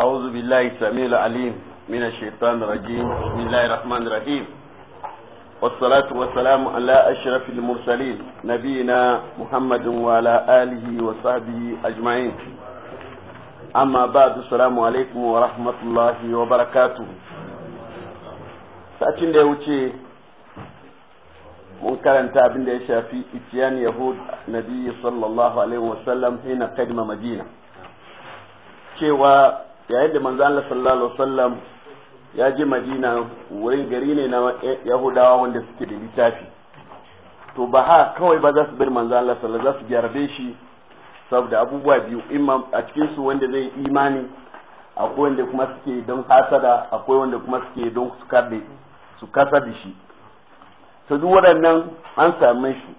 أعوذ بالله السميع العليم من الشيطان الرجيم بسم الله الرحمن الرحيم والصلاة والسلام على أشرف المرسلين نبينا محمد وعلى آله وصحبه أجمعين أما بعد السلام عليكم ورحمة الله وبركاته سأتين دي وشي mun karanta abin da ya shafi itiyan yahud nabi sallallahu alaihi wasallam hina kadma madina cewa yayin da manzo Allah sallallahu alaihi wasallam ya je Madina wurin gari ne na Yahudawa wanda suke da littafi to ba ha kawai ba za su bar manzo Allah sallallahu alaihi wasallam za su shi saboda abubuwa biyu imam a cikin su wanda zai imani akwai wanda kuma suke don hasada akwai wanda kuma suke don su su kasa da shi to duk waɗannan an same shi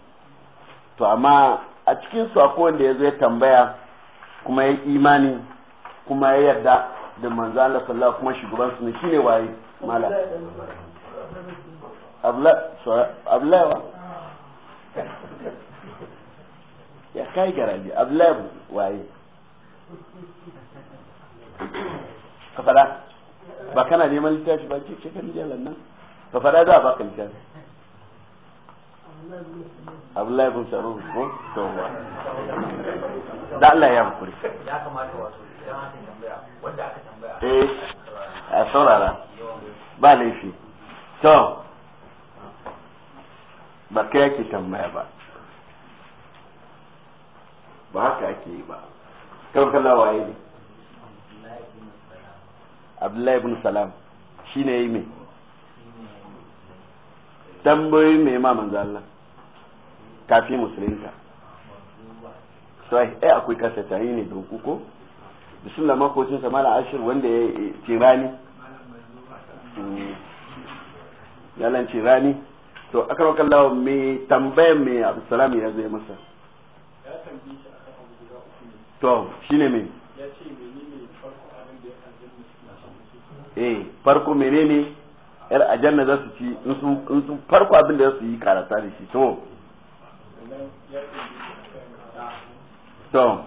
to amma a cikin su akwai wanda ya zo ya tambaya kuma ya imani kuma ya yarda da manzo Allah sallallahu kuma shugaban su ne shine waye mala abla abla ya kai garaji abla waye ka fada ba kana neman littafi ba ce kan jalan nan ka fada za a baka littafi abu bin Sarur ko to da Allah ya hakuri ya kamata wato eh a saurara ba laifi to ba kai ake tambaya ba ba haka ake yi ba kan kalla waye ne abdullahi ibn salam shine yi me tambayoyi mai ma manzo Allah kafin musulunta sai eh akwai kasa yi ne don kuko bismillah makocin sa mala ashir wanda ya ce rani yalan ce rani to akarwa mai me mai me salami ya zai masa to shine me eh farko menene yar ajanna za su ci in sun farko abin da za su yi karata da shi to to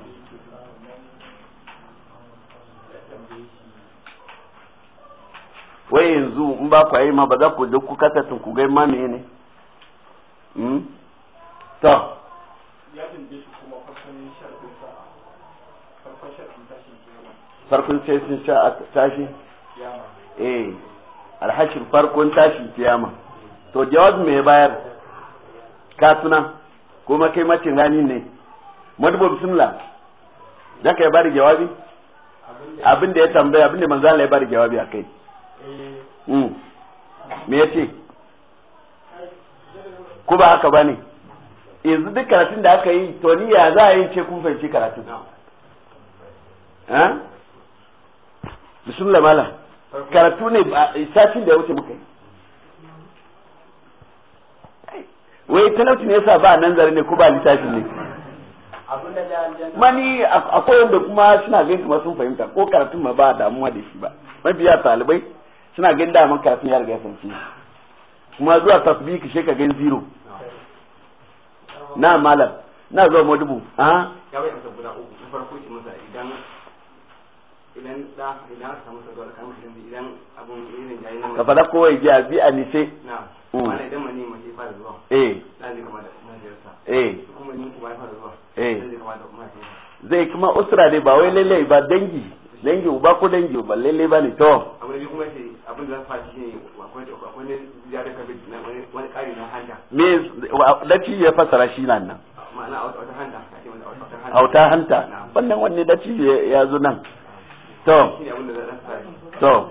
wai yanzu in ba ku ma ba za ku je ku kasa tun ku gai ma ne ne hmm to farkon sai sun sha tashi eh alhashin farkon tashi kiyama to jawab me bayar suna kuma kai macin rani ne madubo bismillah zaka ya bari jawabi abin da ya tambaya abin da manzo Allah ya bari jawabi akai Mm. me ya ce ku ba haka ba ne yanzu duk karatun da aka yi to ni ya za a yi ce kun fahimci karatun eh? bismillah mala karatu ne satin da ya wuce muka yi wai talauci ne yasa ba nan zare ne ko ba littafi ne mani akwai wanda kuma suna gaisu kamar sun fahimta ko karatun ma ba damuwa da shi ba mabiya talibai suna ganin daman kafin ya riga ya sanci kuma zuwa tasbiki shi ka gan zero na malam na zuwa madubu a ya bai amsa guda uku na farko shi masa idan idan da idan aka samu sabuwar mutum idan abun irin jayi na ka fada kowai biya bi a nise na wani idan mani mace fara zuwa eh na zai kama da kuma jirsa eh kuma ni kuma ya fara zuwa eh zai kama da kuma zai kuma usra ne ba wai lallai ba dangi dangi uba ko dangi ba lallai ba ne to abu da kuma sai abin da faru shi akwai ne ziyarar kabir wani ƙari na hanta me daci ya fassara shi nan nan ma'ana a wata hanta a wata hanta wannan wanne daci ya zo nan to to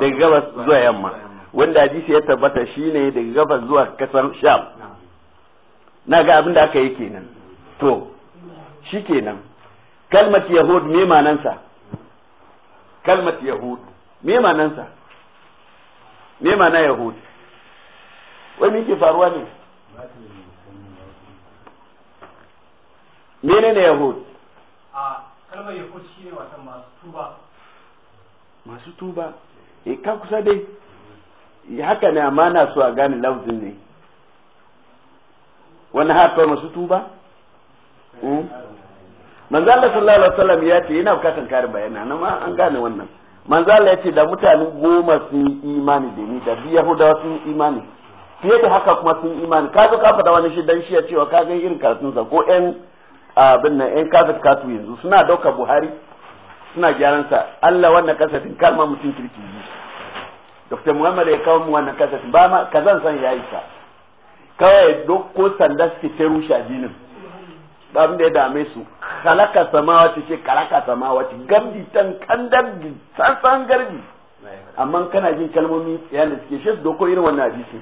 daga gabas zuwa yamma wanda hadisi ya tabbata shi ne daga gabas zuwa kasar sham na ga abin da aka yi kenan to shi kenan kalmar yahud me manansa kalmat yahud me manansa me mana yahud wai me ke faruwa ne me ne menene yahud a kalmar yahud shine wasan masu tuba masu tuba e ka kusa dai haka ne amma na so a gane lafzin ne wani haka masu tuba? Hmm? manzo Allah sallallahu alaihi wasallam ya ce yana bukatan karin bayana nan ma an gane wannan manzo Allah ya ce da mutane goma sun yi imani da ni da bi Yahudawa sun yi imani fiye da haka kuma sun yi imani ka zo ka faɗa wani shi dan shi ya cewa ka ga irin sa ko ɗan abin nan ƴan kafir katu yanzu suna dauka Buhari suna gyaran sa Allah wannan kasafin kalma mutum kirki Dr. Muhammad ya kawo mu wannan kasafin ba ma kazan san ya isa kawai duk ko sanda suke ta rushe addinin ba abin da ya dame su halaka samawa ce ce kalaka sama ce gamdi tan kandar di sassan gargi amma kana jin kalmomi tsayan da suke shi doko irin wannan hadisi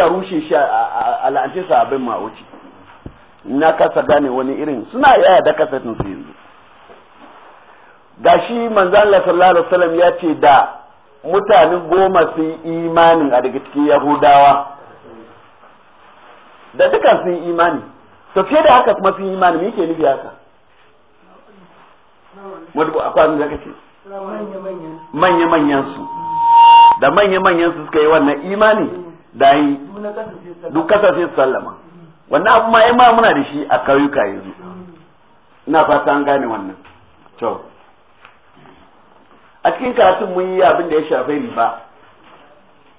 a rushe a la'ance sa abin ma wuce na kasa gane wani irin suna yaya da kasa sun su yanzu gashi manzan Allah sallallahu alaihi wasallam ya ce da mutane goma sun imanin a daga cikin yahudawa da dukkan sun imani to fiye da haka kuma sun yi imani me yake nufi haka wadda akwai abin da ka ce manya-manyan su da manya-manyan su suka yi wannan imani da yi duk kasashe su sallama wannan abu ma ma muna da shi a kauyuka yanzu ina fata an gane wannan to a cikin karatun mun yi abin da ya shafi riba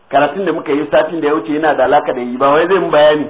karatun da muka yi satin da ya wuce yana da alaka da riba wai zai mu bayani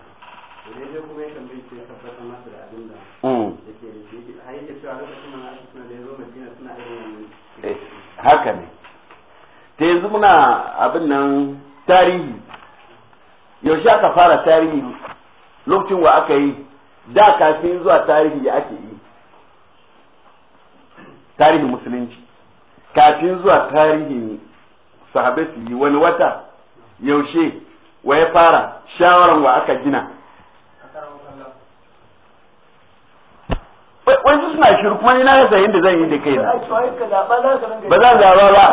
ne kuma ya ce tabbatar da abin da mm. da shi yake cewa lokacin suna da madina suna irin eh, haka ne ta yanzu muna abin nan tarihi yaushe aka fara tarihi lokacin wa aka yi da kafin zuwa tarihi ya ake yi tarihi musulunci kafin zuwa tarihi sahabai su yi wani wata yaushe wa ya fara shawaran wa aka gina wani suna shiru kuma ni na rasa yadda zan yi da kai na ba za zaba ba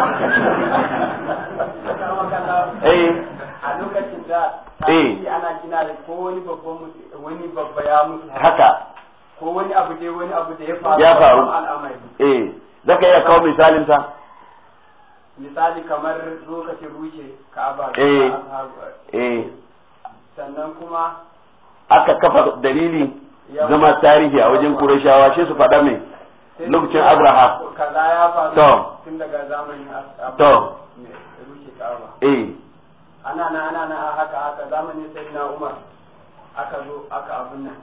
eh a lokacin da eh. ana gina da ko wani babban wani babba ya mutu haka ko wani abu dai wani abu da ya faru ya faru eh zaka iya kawo misalin sa misali kamar lokacin rushe ka'aba eh eh sannan kuma aka kafa dalili zama tarihi a wajen kurashawa shi su faɗa mai lokacin abraha to to eh ana na ana na haka haka zamanin sai na umar aka zo aka abun nan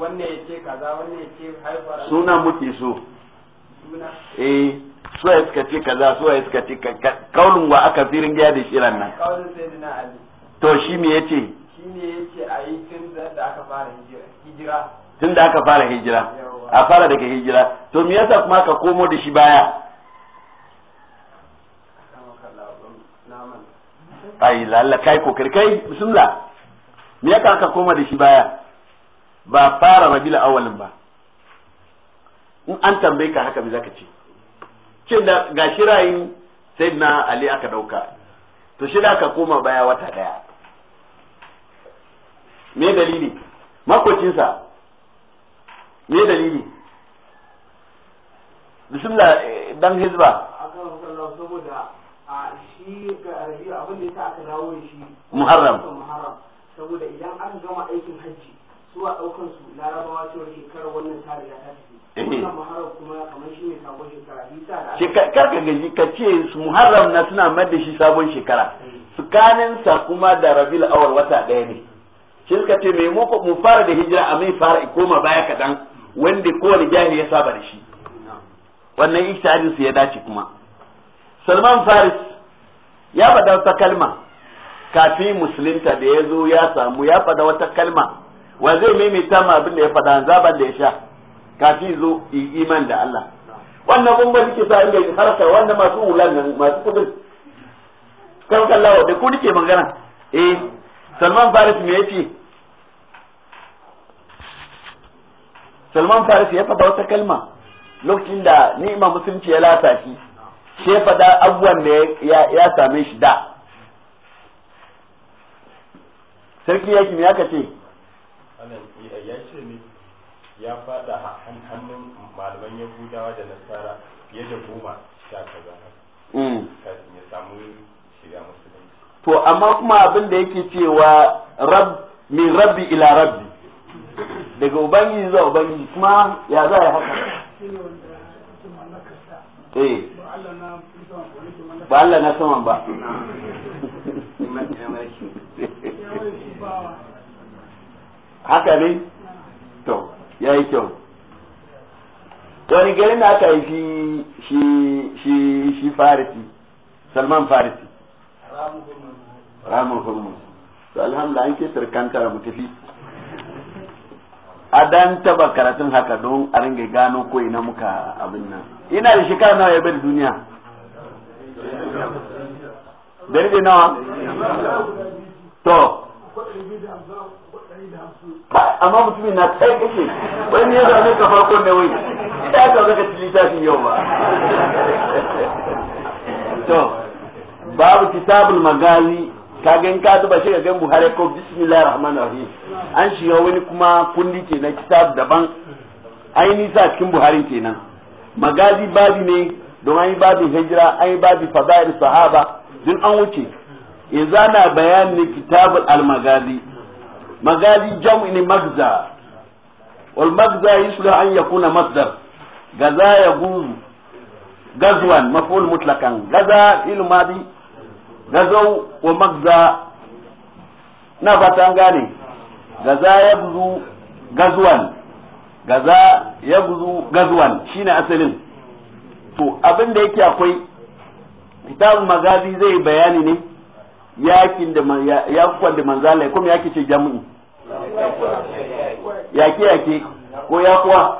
wanne ya ce kaza wanne ya ce haifar suna muke so eh ya suka ce kaza suwa ya suka ce kaulun wa aka firin gaya da shiran nan kaulun sai na ali to shi me ce? shine yace a yi tun da aka fara hijira tun da aka fara hijira a fara daga hijira to me yasa kuma ka komo da shi baya ai lalla kai ko kai bismillah me yasa ka koma da shi baya ba fara rabila awalin ba in an tambaye ka haka me zaka ce Ce da gashi rayin sayyidina ali aka dauka to shi da aka koma baya wata daya me dalili makocinsa me dalili bismillah eh, dan hizba muharram saboda idan aka gama aikin hajji zuwa daukan su larabawa ce cewar shekarar wannan tare ya ta tafi eh. wannan muharram kuma kamar shi ne sabon shekara shekara kar ka gaji ka ce su muharram na suna mai da shi sabon shekara eh. sa kuma da rabil awal wata daya ne shi suka ce mai moko mu fara da hijira a mai fara koma baya kaɗan wanda kowane jahili ya saba da shi wannan ijtihadin su ya dace kuma Salman Faris ya faɗa wata kalma kafin musulunta da ya zo ya samu ya faɗa wata kalma wa zai maimaita ma abin da ya faɗa zaban da ya sha kafin zo iman da Allah wannan kuma suke sa inda harka wannan masu wulan masu kudin kan kallawa da ku ke magana eh salman faris me yace salman faris ya faɗa wata kalma lokacin da ni'ima musulunci ya lasa shi she faɗa abubuwan da ya same shi da sarki ya yakin ya ce. ya ce ne ya faɗa hannun malaman yahudawa da nasara fiye da goma sha kaza mm. kafin ya samu shiga musulunci to amma kuma abin da yake cewa rab min rabbi ila rabbi daga ubangiji zuwa ubangiji kuma ya za ya haka eh ba Allah na saman ba haka ne to ya yi kyau wani garin da aka yi shi shi shi farisi salman farisi ramin hormuz to alhamdulillah an ketare kankara mu tafi a dan taba karatun haka don a ringa gano ko ina muka abin nan ina da shekara nawa ya bari duniya dari da nawa to amma mutumin na kai kake wani ya zame ka farko ne wai ta ka zaka ta shi yau ba to babu kitabul magazi ka gan ka duba shi ga gan buhari ko bismillahir rahmanir rahim an shiga wani kuma kundi ke na kitab daban aini sa nisa cikin buhari kenan magazi babi ne don an babi hijira an babi fadail sahaba din an wuce yanzu ana bayanin kitabul al-magazi magazi jam'i ne magza wal magza yusla an yakuna masdar gaza ya guzu gazwan maful mutlaqan gaza ilmadi gazau wa magza na fatan gane gaza ya buzu gazuwan gaza ya buzu gazuwan shine asalin to abin da yake akwai kitabun magazi zai bayani ne yakin da yakuwan da manzala kuma yake ce jami'i yake yake ko yakuwa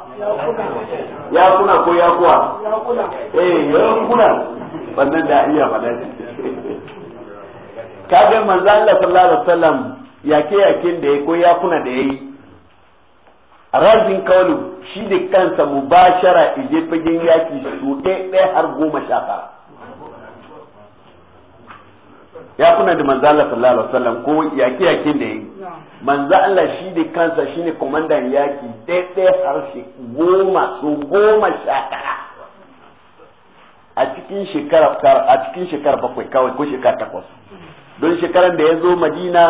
yakuna ko yakuwa eh yakuna wannan da iya faɗa kaga manzo Allah sallallahu alaihi wasallam yake yakin da ya ko yakuna da yayi razin kaulu shi da kansa mubashara ije fagen yaki su ɗaya har goma sha tara ya kuna da manzo Allah sallallahu alaihi wasallam ko yaki yakin da yayi manzo Allah shi da kansa shine komandan yaki ɗaya har shi goma su goma sha a cikin shekara a cikin shekara bakwai kawai ko shekara takwas don shekaran da ya zo madina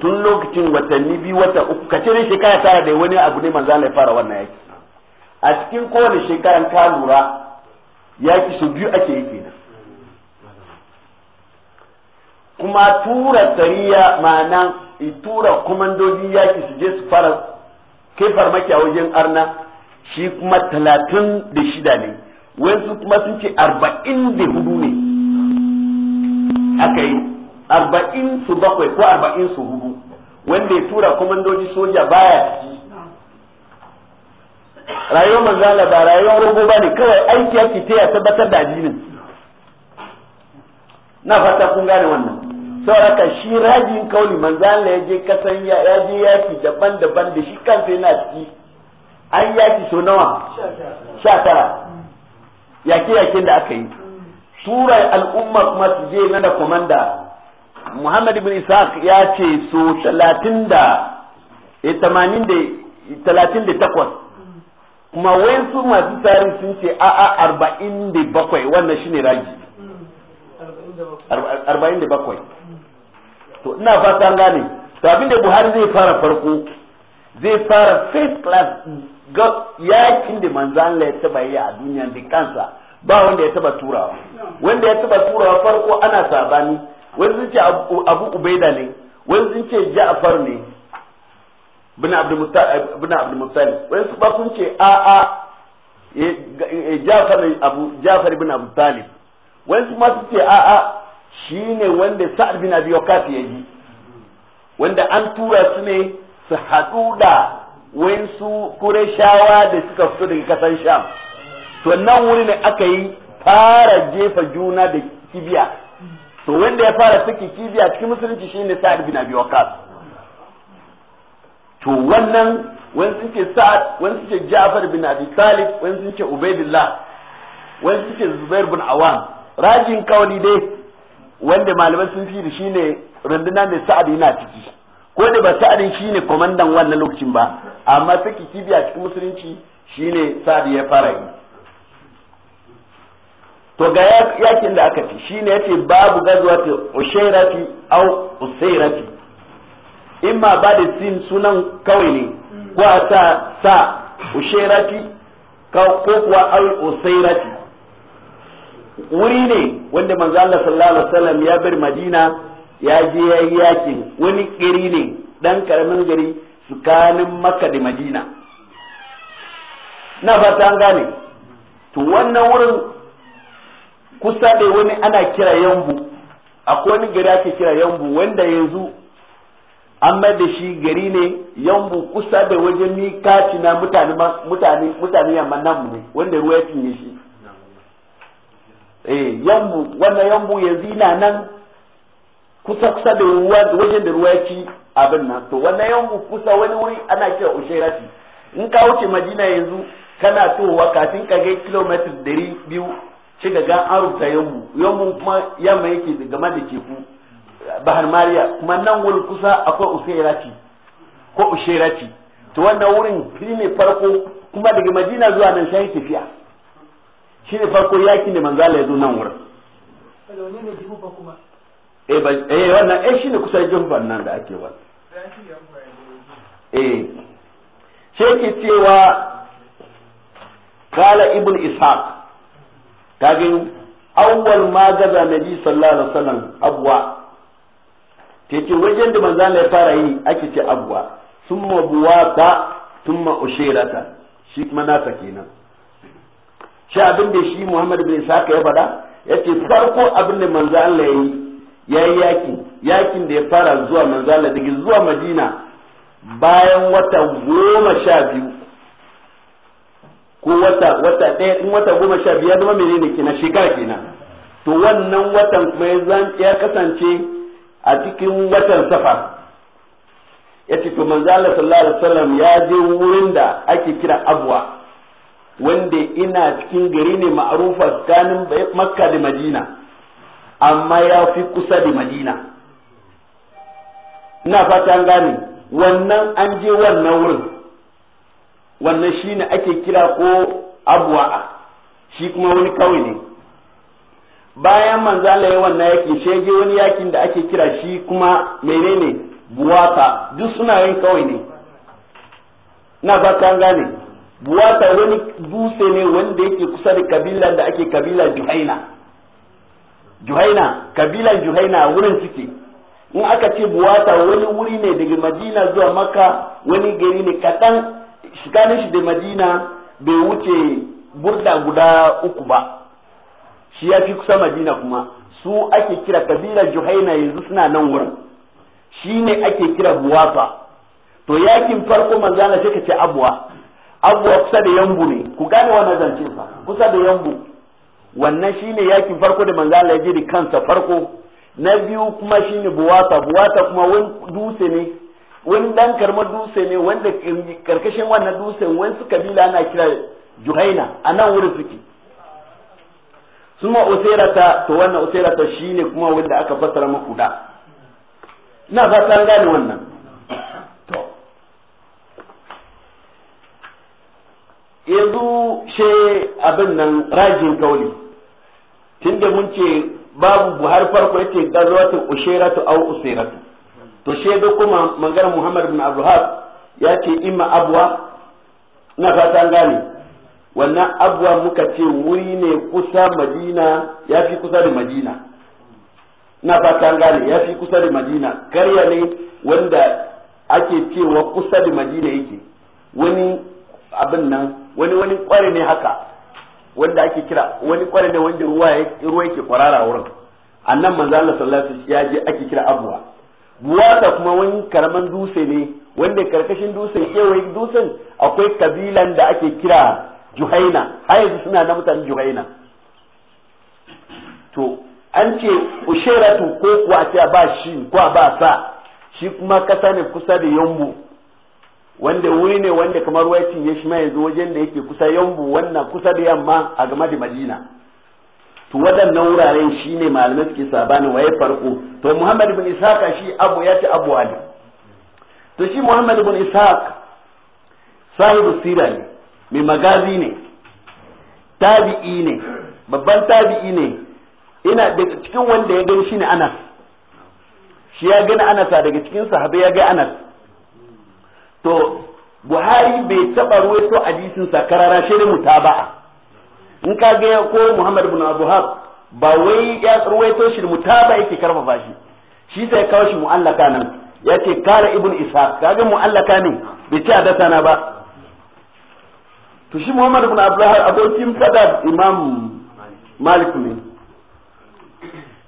tun lokacin watanni biyu wata uku ka cire shekara tara da wani abu ne manzan ya fara wannan yaki a cikin kowane shekaran ka lura yaki su biyu ake yi kenan kuma tura sariya ma'ana tura kumandojin yaki su je su fara kai farmaki a wajen arna shi kuma talatin da shida ne wasu kuma sun ce arba'in da hudu ne aka yi arba'in su bakwai ko arba'in su hudu wanda ya tura kwamandoji soja baya ciki rayuwar manzala ba rayuwar rogo ba ne kawai aiki ya fita ya tabbatar da addinin na fata kun gane wannan sauraka shi rajin kauli manzala ya je kasan ya je yaki daban-daban da shi kansa yana ciki an yaki so nawa sha tara yaki-yakin da aka yi tura al'umma kuma su je na da komanda Muhammad ibn Isaac ya ce so talatin da eh, tamanin da talatin da takwas kuma ma masu tsarin sun ce a a arba'in da bakwai wannan shine raji arba'in da bakwai to ina fata gane to abin da Buhari zai fara farko zai fara first class yakin da manzan Allah ya taba a duniya da kansa ba wanda ya taba turawa wanda ya taba turawa farko ana sabani wani sun ce abu ubaida ne wani sun ce ja'far ne bin abdul muttalib wani su ba sun ce a a eh, eh, ja'far ne abu ja'far ibn abdul talib wani su ma sun ce a a shine wanda sa'ad bin abi waqas ya yi wanda an tura su ne su haɗu da wayansu shawa da suka fito daga kasan sham to nan wuri ne aka yi fara jefa juna da kibiya to wanda ya fara saki kibiya cikin musulunci shi ne sa'ad bin abi waqas to wannan wani sun ce sa'ad wani sun ce ja'far bin abi talib wani sun ce ubaidillah wani sun ce zubair bin awan rajin kawali dai wanda malaman sun fi da shi ne runduna mai sa'ad yana ciki ko da ba sa'adin shi ne komandan wannan lokacin ba amma saki kibiya cikin musulunci shi ne sa'ad ya fara yi to ga yakin da aka ci shine yace babu ta ushairati au usairati imma ba da sin sunan kawai ne ko a sa sa ushairati ko kuwa al usairati wuri ne wanda manzo Allah sallallahu alaihi wasallam ya bar Madina ya je ya yi yakin wani gari ne dan karamin gari tsakanin Makka da Madina na fata an gane to wannan wurin kusa da wani ana kira yambu akwai wani gari ake kira yambu wanda yanzu an mai da shi gari ne yambu kusa da wajen mikati na mutane mutane mutane yamma nan ne wanda ruwa ya cinye shi eh yambu wannan yambu yanzu ina nan kusa kusa da ruwa wajen da ruwa ya ci abin nan to wannan yambu kusa wani wuri ana kira ushairati in ka wuce madina yanzu kana towa kafin ka ga kilomita dari biyu sai ga ga an rubuta yammu yammu kuma yamma yake game da teku bahar mariya kuma nan wurin kusa akwai usairati ko usairati to wannan wurin fili ne farko kuma daga madina zuwa nan sai tafiya shi ne farko yaki ne manzala ya zo nan wurin eh, eh wannan eh shine kusa jumban nan da ake wa eh sai ke cewa qala ibn ishaq ka awwal ma gaza nabi sallallahu alaihi wasallam abwa ce wajen da manzo Allah ya fara yi ake ce abwa summa buwata thumma ushirata shi kuma nasa kenan shi abin da shi Muhammad bin saka ya faɗa yace farko abin da manzo Allah ya yi yayi yaki yakin da ya fara zuwa Allah daga zuwa madina bayan wata goma sha biyu ko wata wata ɗaya in wata goma sha biyar zama ne kenan shekara kenan to wannan watan kuma ya kasance a cikin watan safar ya ce to manzo Allah sallallahu alaihi wasallam ya je wurin da ake kira abwa wanda ina cikin gari ne ma'arufa tsakanin makka da madina amma ya fi kusa da madina ina fata gane wannan an je wannan wurin wannan shi ne ake kira ko abuwa shi kuma wani kawai ne bayan manzo Allah ya wannan yaki shege wani yakin da ake kira shi kuma menene buwata duk suna yin kawai ne na ba ta gane buwata wani dutse ne wanda yake kusa da kabila da ake kabila juhaina juhaina kabila juhaina wurin suke in aka ce buwata wani wuri ne daga madina zuwa maka wani gari ne kaɗan Shiga shi da madina bai wuce burda guda uku ba shi ya fi kusa madina kuma su ake kira kabila juhaina yanzu suna nan wurin shi ne ake kira buwafa to yakin farko manzana na ce abuwa abuwa kusa da yambu ne ku gane wannan zancen fa kusa da yambu wannan shi ne yakin farko da manzana ya je da kansa farko na biyu kuma shine buwata buwata kuma wani dutse ne wani dan karma dutse ne wanda karkashin wannan dutsen wani kabila ana kira juhaina a nan wurin suke suma usairata to wannan shi shine kuma wanda aka fassara maku da ina fatan gane wannan to yanzu she abin nan rajin kauli tunda mun ce babu buhari farko yace ta ushairatu aw usairatu to shi kuma dauko mangar Muhammad bin Abdulhab ya ce ima abuwa na fatan gane wannan abuwa muka ce wuri ne kusa Madina ya fi kusa da Madina na fatan gane ya fi kusa da Madina karya ne wanda ake cewa kusa da Madina yake wani abin nan wani wani kware ne haka wanda ake kira wani kware ne wanda ruwa yake kwarara wurin annan manzo Allah sallallahu alaihi wasallam ya je ake kira abuwa buwasa kuma wani karaman dutse ne wanda karkashin dutse kewaye dutsen akwai kabilan da ake kira juhaina har suna na mutanen juhaina to an ce usheratu ko kuwa ce ba shi ko ba sa shi kuma kasa ne kusa da yambu wanda wuri ne wanda kamar wai cinye shi mai wajen da yake kusa yambu wannan kusa da yamma a game da madina to waɗannan wuraren shine malamai suke sabani waye farko to Muhammad ibn Ishaq shi abu ya ci abu ali to shi Muhammad ibn Ishaq sahibu sira ne mai magazi ne tabi'i ne babban tabi'i ne ina daga cikin wanda ya gani shi ne Anas shi ya gani Anas daga cikin sahabai ya ga Anas to Buhari bai taɓa ruwaito hadisin sa karara shi ne mutaba'a in ka ga ko Muhammad ibn Abu ba wai ya ruwaito shi mutaba yake karfafa shi shi sai kawo shi mu'allaka nan yake kare ibn ka kaga mu'allaka ne bai ci na ba to shi Muhammad ibn Abdullah abokin fada Imam Malik ne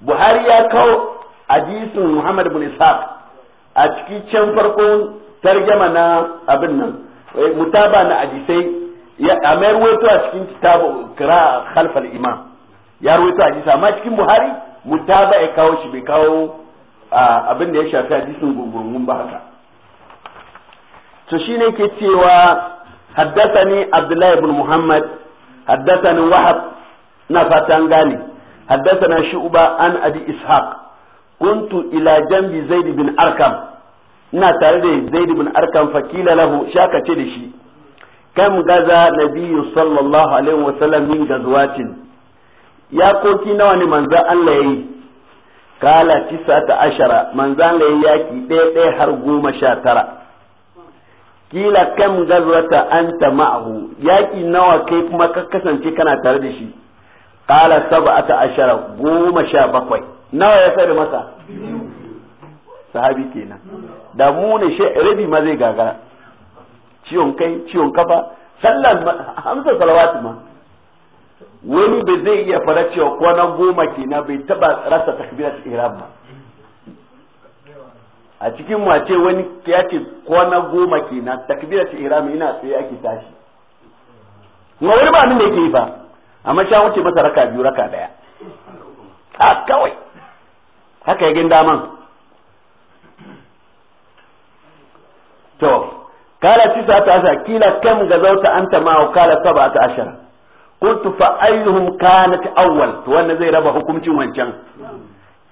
Buhari ya kawo hadisin Muhammad ibn isa a cikin farkon tarjama na abin nan eh, mutaba na hadisai ya amma ruwaito a cikin kitabu kira khalfal imam ya ruwaito a jisa amma cikin buhari mutaba ya kawo shi bai kawo abin da ya shafi hadisin gungurungun ba haka to shine ke cewa haddasani abdullahi ibn muhammad haddathani wahab na fatan gane shi uba an adi ishaq kuntu ila jambi zaid bin arkam ina tare da zaid bin arkam fakila lahu shaka ce da shi kam gaza nabiyyu sallallahu alaihi wasallam min gazwatin yakoki nawa ne manzan Allah yayi kala tisa ta ashara manzan Allah yayi yaki ɗaya ɗaya har goma sha tara kila kam gazwata anta ma'ahu yaki nawa kai kuma ka kasance kana tare da shi kala sab'ata ashara goma sha bakwai nawa ya sai masa sahabi kenan da mu ne shi rabi ma zai gagara ciwon kai ciwon kafa sallan hamsa salawatu ma wani bai zai iya fara cewa kwana goma ke na bai taba rasa takbiratul ihram ba a cikin mu ce wani ya ce kwana goma ke na takbiratul ihram ina sai ake tashi ma wani ba abin da yake yi ba amma sha wuce masa raka biyu raka daya a kawai haka ya gin daman to kala tisa ta asha kila kam أنت anta قال kala saba ta فأيهم كانت أول ayyuhum زي ربا حكم جوان zai raba hukuncin wancan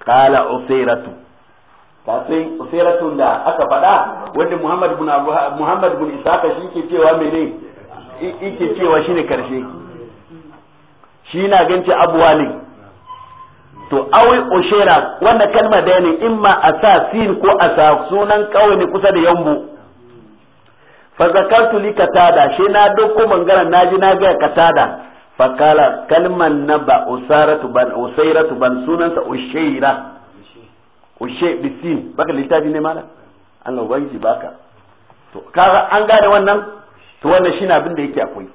kala لا kafin usairatu محمد aka faɗa wanda Muhammad ibn Isaka shi ke cewa mene yake cewa shine karshe shi na ganci abuwa to awi ushera wannan kalma da ne imma asasin ko asa sunan kawai ne kusa da yambu fa zakartu li katada shi na dauko mangana ji na ga katada fa kala kalman naba usaratu ban usairatu ban sunansa ushaira ushe bisin baka littafi ne mala Allah ubangiji baka to kaga an gane wannan to wannan shine abin da yake akwai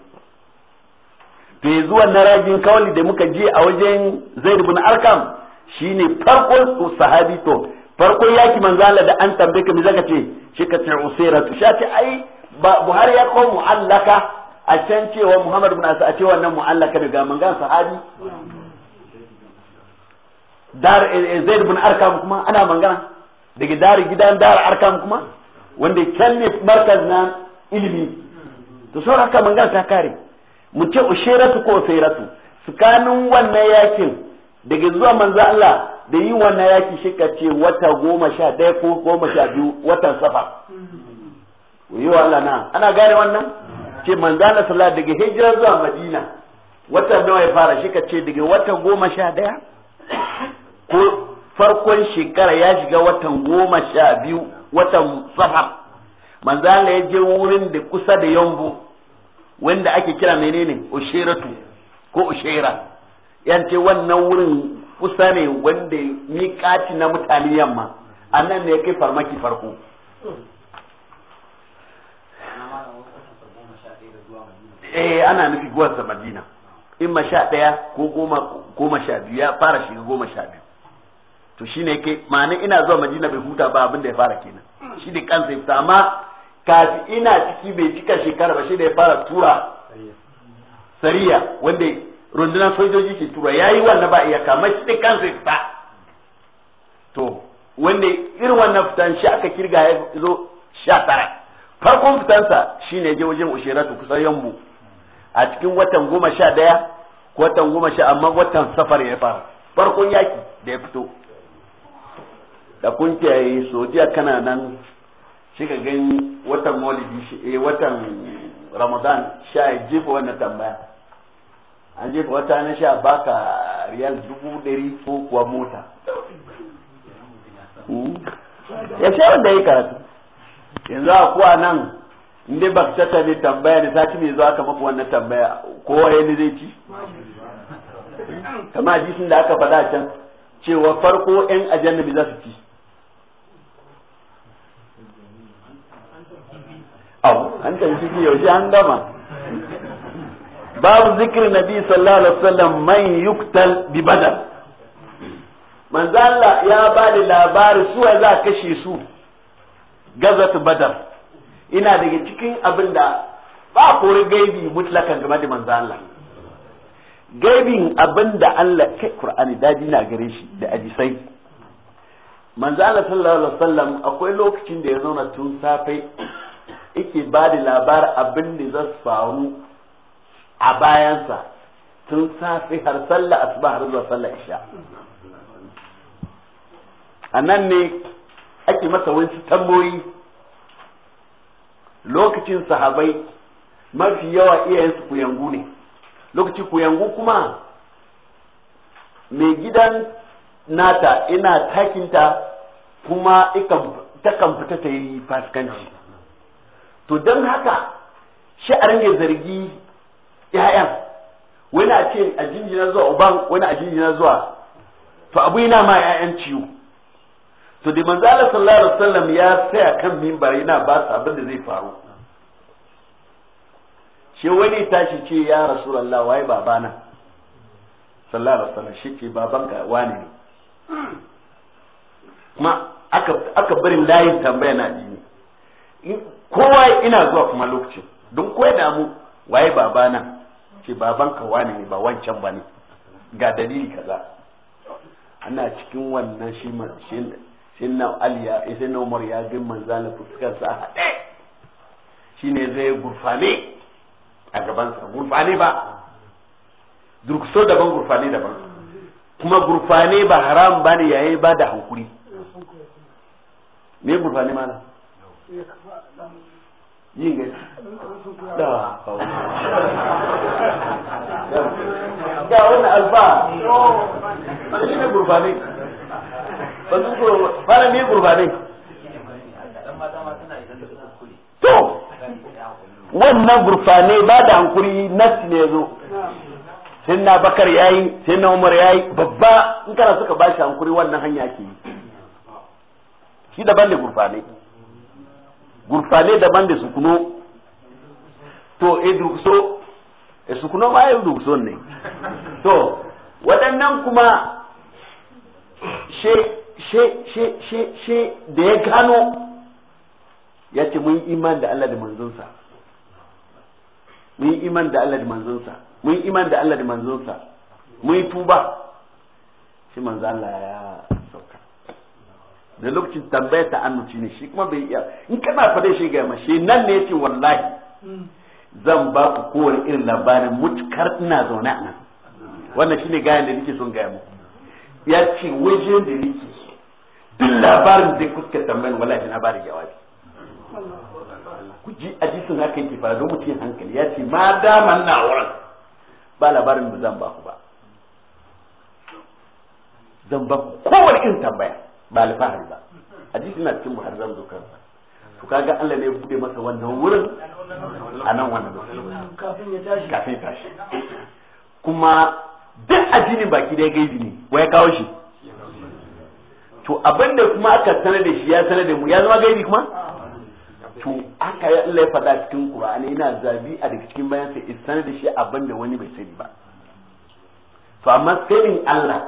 to yanzu wannan rajin kawali da muka je a wajen Zaid ibn Arkam shine farkon sahabi to farkon yaki manzo Allah da an tambaye ka me zaka ce shi ka ce usairatu sha ce ai Buhari ya kawo mu'allaka a can cewa Muhammad bin Asa a cewa nan mu'allaka ga mangan sahabi dar eh, eh, Zaid bin Arkam kuma ana mangana daga dar gidan dar Arkam kuma wanda can ne markaz na ilimi to saboda ka mangan ta kare mu ce ushiratu ko sairatu tsakanin wannan yakin daga zuwa manzo Allah da yi wannan yaki shi ka ce wata goma sha ɗaya ko goma sha biyu watan safar yi Allah na ana gane wannan ce manzala sallah daga hijira zuwa madina watan nawa ya fara shi ka ce daga watan goma sha daya ko farkon shekara ya shiga watan goma sha biyu watan safar manzala ya je wurin da kusa da yambo wanda ake kira menene ushiratu ko ushira yan wannan wurin kusa ne wanda kati na mutane yamma annan ne ya kai farmaki farko eh ana nufi guwar sa madina in ma sha ɗaya ko goma sha biyu ya fara shiga goma sha biyu to shine ke ma'ana ina zuwa madina bai huta ba abin da ya fara kenan shi da kansa ya fita amma kafi ina ciki bai cika shekara ba shi da ya fara tura sariya wanda rundunar sojoji ke tura ya yi wannan ba iya kama shi da kansa ya fita to wanda irin wannan fitan shi aka kirga ya zo sha tara farkon fitansa shine je wajen ushera kusan yanmu a cikin watan goma sha daya watan goma sha amma watan safar ya fara farkon yaki da ya fito da kun kiyaye sojiya kana nan shi ka gani watan maulidi eh, watan ramadan sha jefa wannan tambaya an jefa wata na sha baka riyal dubu dari ko kuwa mota hmm. ya sha wanda ya karatu yanzu a kuwa nan inda ba ta tattabe tambaya ne sati ne zuwa aka maka wannan tambaya kowa ya ne zai ci kama hadisin da aka faɗa can cewa farko yan ajannabi za su ci aw an tafi ji yaushe an gama babu zikirin nabi sallallahu alaihi wasallam man yuktal bi badal manzo Allah ya ba da labari su za kashe su gazat badar ina daga cikin abin da ba kori gaibi mutlakan game da manzo Allah gaibin abin da Allah kai Qur'ani daji na gare shi da ajisai manzo Allah sallallahu alaihi wasallam akwai lokacin da ya zauna tun safe yake ba da labar abin da za su faru a bayansa tun safe har sallah asuba har zuwa sallah isha a nan ne ake masa wani tamboyi lokacin sahabai mafi yawa iyayensu kuyangu ne lokaci kuyangu kuma mai gidan nata ina takinta kuma takan fita ta yi fasikanci to don haka shi a zargi ‘ya'yan wani a ce a jinjina zuwa uban wani a jinjina zuwa to abu yana ma ‘ya'yan ciwo to da manzo Allah sallallahu alaihi wasallam ya tsaya kan minbar yana ba su abin da zai faru shi wani tashi ce ya rasulullah wai babana sallallahu alaihi wasallam shi ce babanka wani ne kuma aka aka bari layin tambaya na dini kowa ina zuwa kuma lokacin don koya da mu waye babana ce babanka wani ne ba wancan ba ne ga dalili kaza ana cikin wannan shi sinna aliya eh, na umar ya bin na fuskar sa haɗe shine zai gurfane a gabansa gurfane ba durkuso daban gurfane daban kuma gurfane ba haram ba ne yayin ba da hankuri me gurfane na yin gaisa da ga wani alfa shi ne gurfane ba su ko fara me gurbanai to wannan gurfane ba da hankuri nasu ne zo sai na bakar yi sai na umar yayi babba in kana suka ba shi hankuri wannan hanya ke yi shi daban da gurfane gurfane daban da sukuno to e eh, dukso e eh, sukuno ma e dukso ne to waɗannan kuma shi she da ya gano ya ce mun iman da Allah da manzonsa mun iman da Allah da manzonsa mun iman da Allah da manzonsa mun tuba shi manzo Allah ya sauka da lokacin tambaya ta annuci ne shi kuma bai iya in kana fada shi ga mashi nan ne yace wallahi zan ba ku kowar irin labarin mutkar ina zaune a nan wannan shine gayan da nake son gaya muku ya ce wajen da nake duk labarin zai kuka tambayin wallahi labarin jawabi ku ji a jisun haka yake fara don cin hankali ya ce ma dama na wurin ba labarin da zan ba ku ba zan ba ku kowane irin tambaya ba alfahari ba a jisun na cikin buhari zan zo kansa to kaga Allah ne ya bude masa wannan wurin a nan wannan kafin tashi kafin ya tashi kuma duk addinin baki da ya gaibi ne wai kawo shi to abinda kuma aka sanar da shi ya sanar da mu ya zama gaibi kuma to aka yi Allah ya faɗa cikin Qur'ani ina zabi a daga cikin bayan sai sanar da shi abinda wani bai sani ba to amma sanin Allah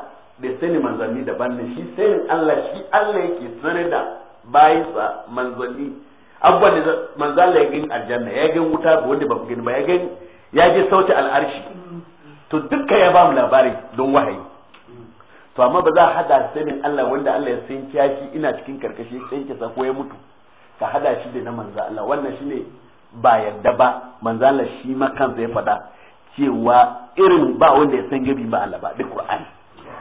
da sani manzanni daban ne shi sanin Allah shi Allah yake sanar da sa manzanni abubuwan da manzan ya gani aljanna ya gani wuta ba wanda ba gani ba ya gani ya je sauti al'arshi to dukkan ya ba mu labari don wahayi to amma ba za a hada sanin Allah wanda Allah ya san shi ina cikin karkashi sai sa ko ya mutu ka hada shi da na manzo Allah wannan shine ba yadda ba manzo Allah shi ma kansa ya faɗa cewa irin ba wanda ya san gabi ba Allah ba da Qur'ani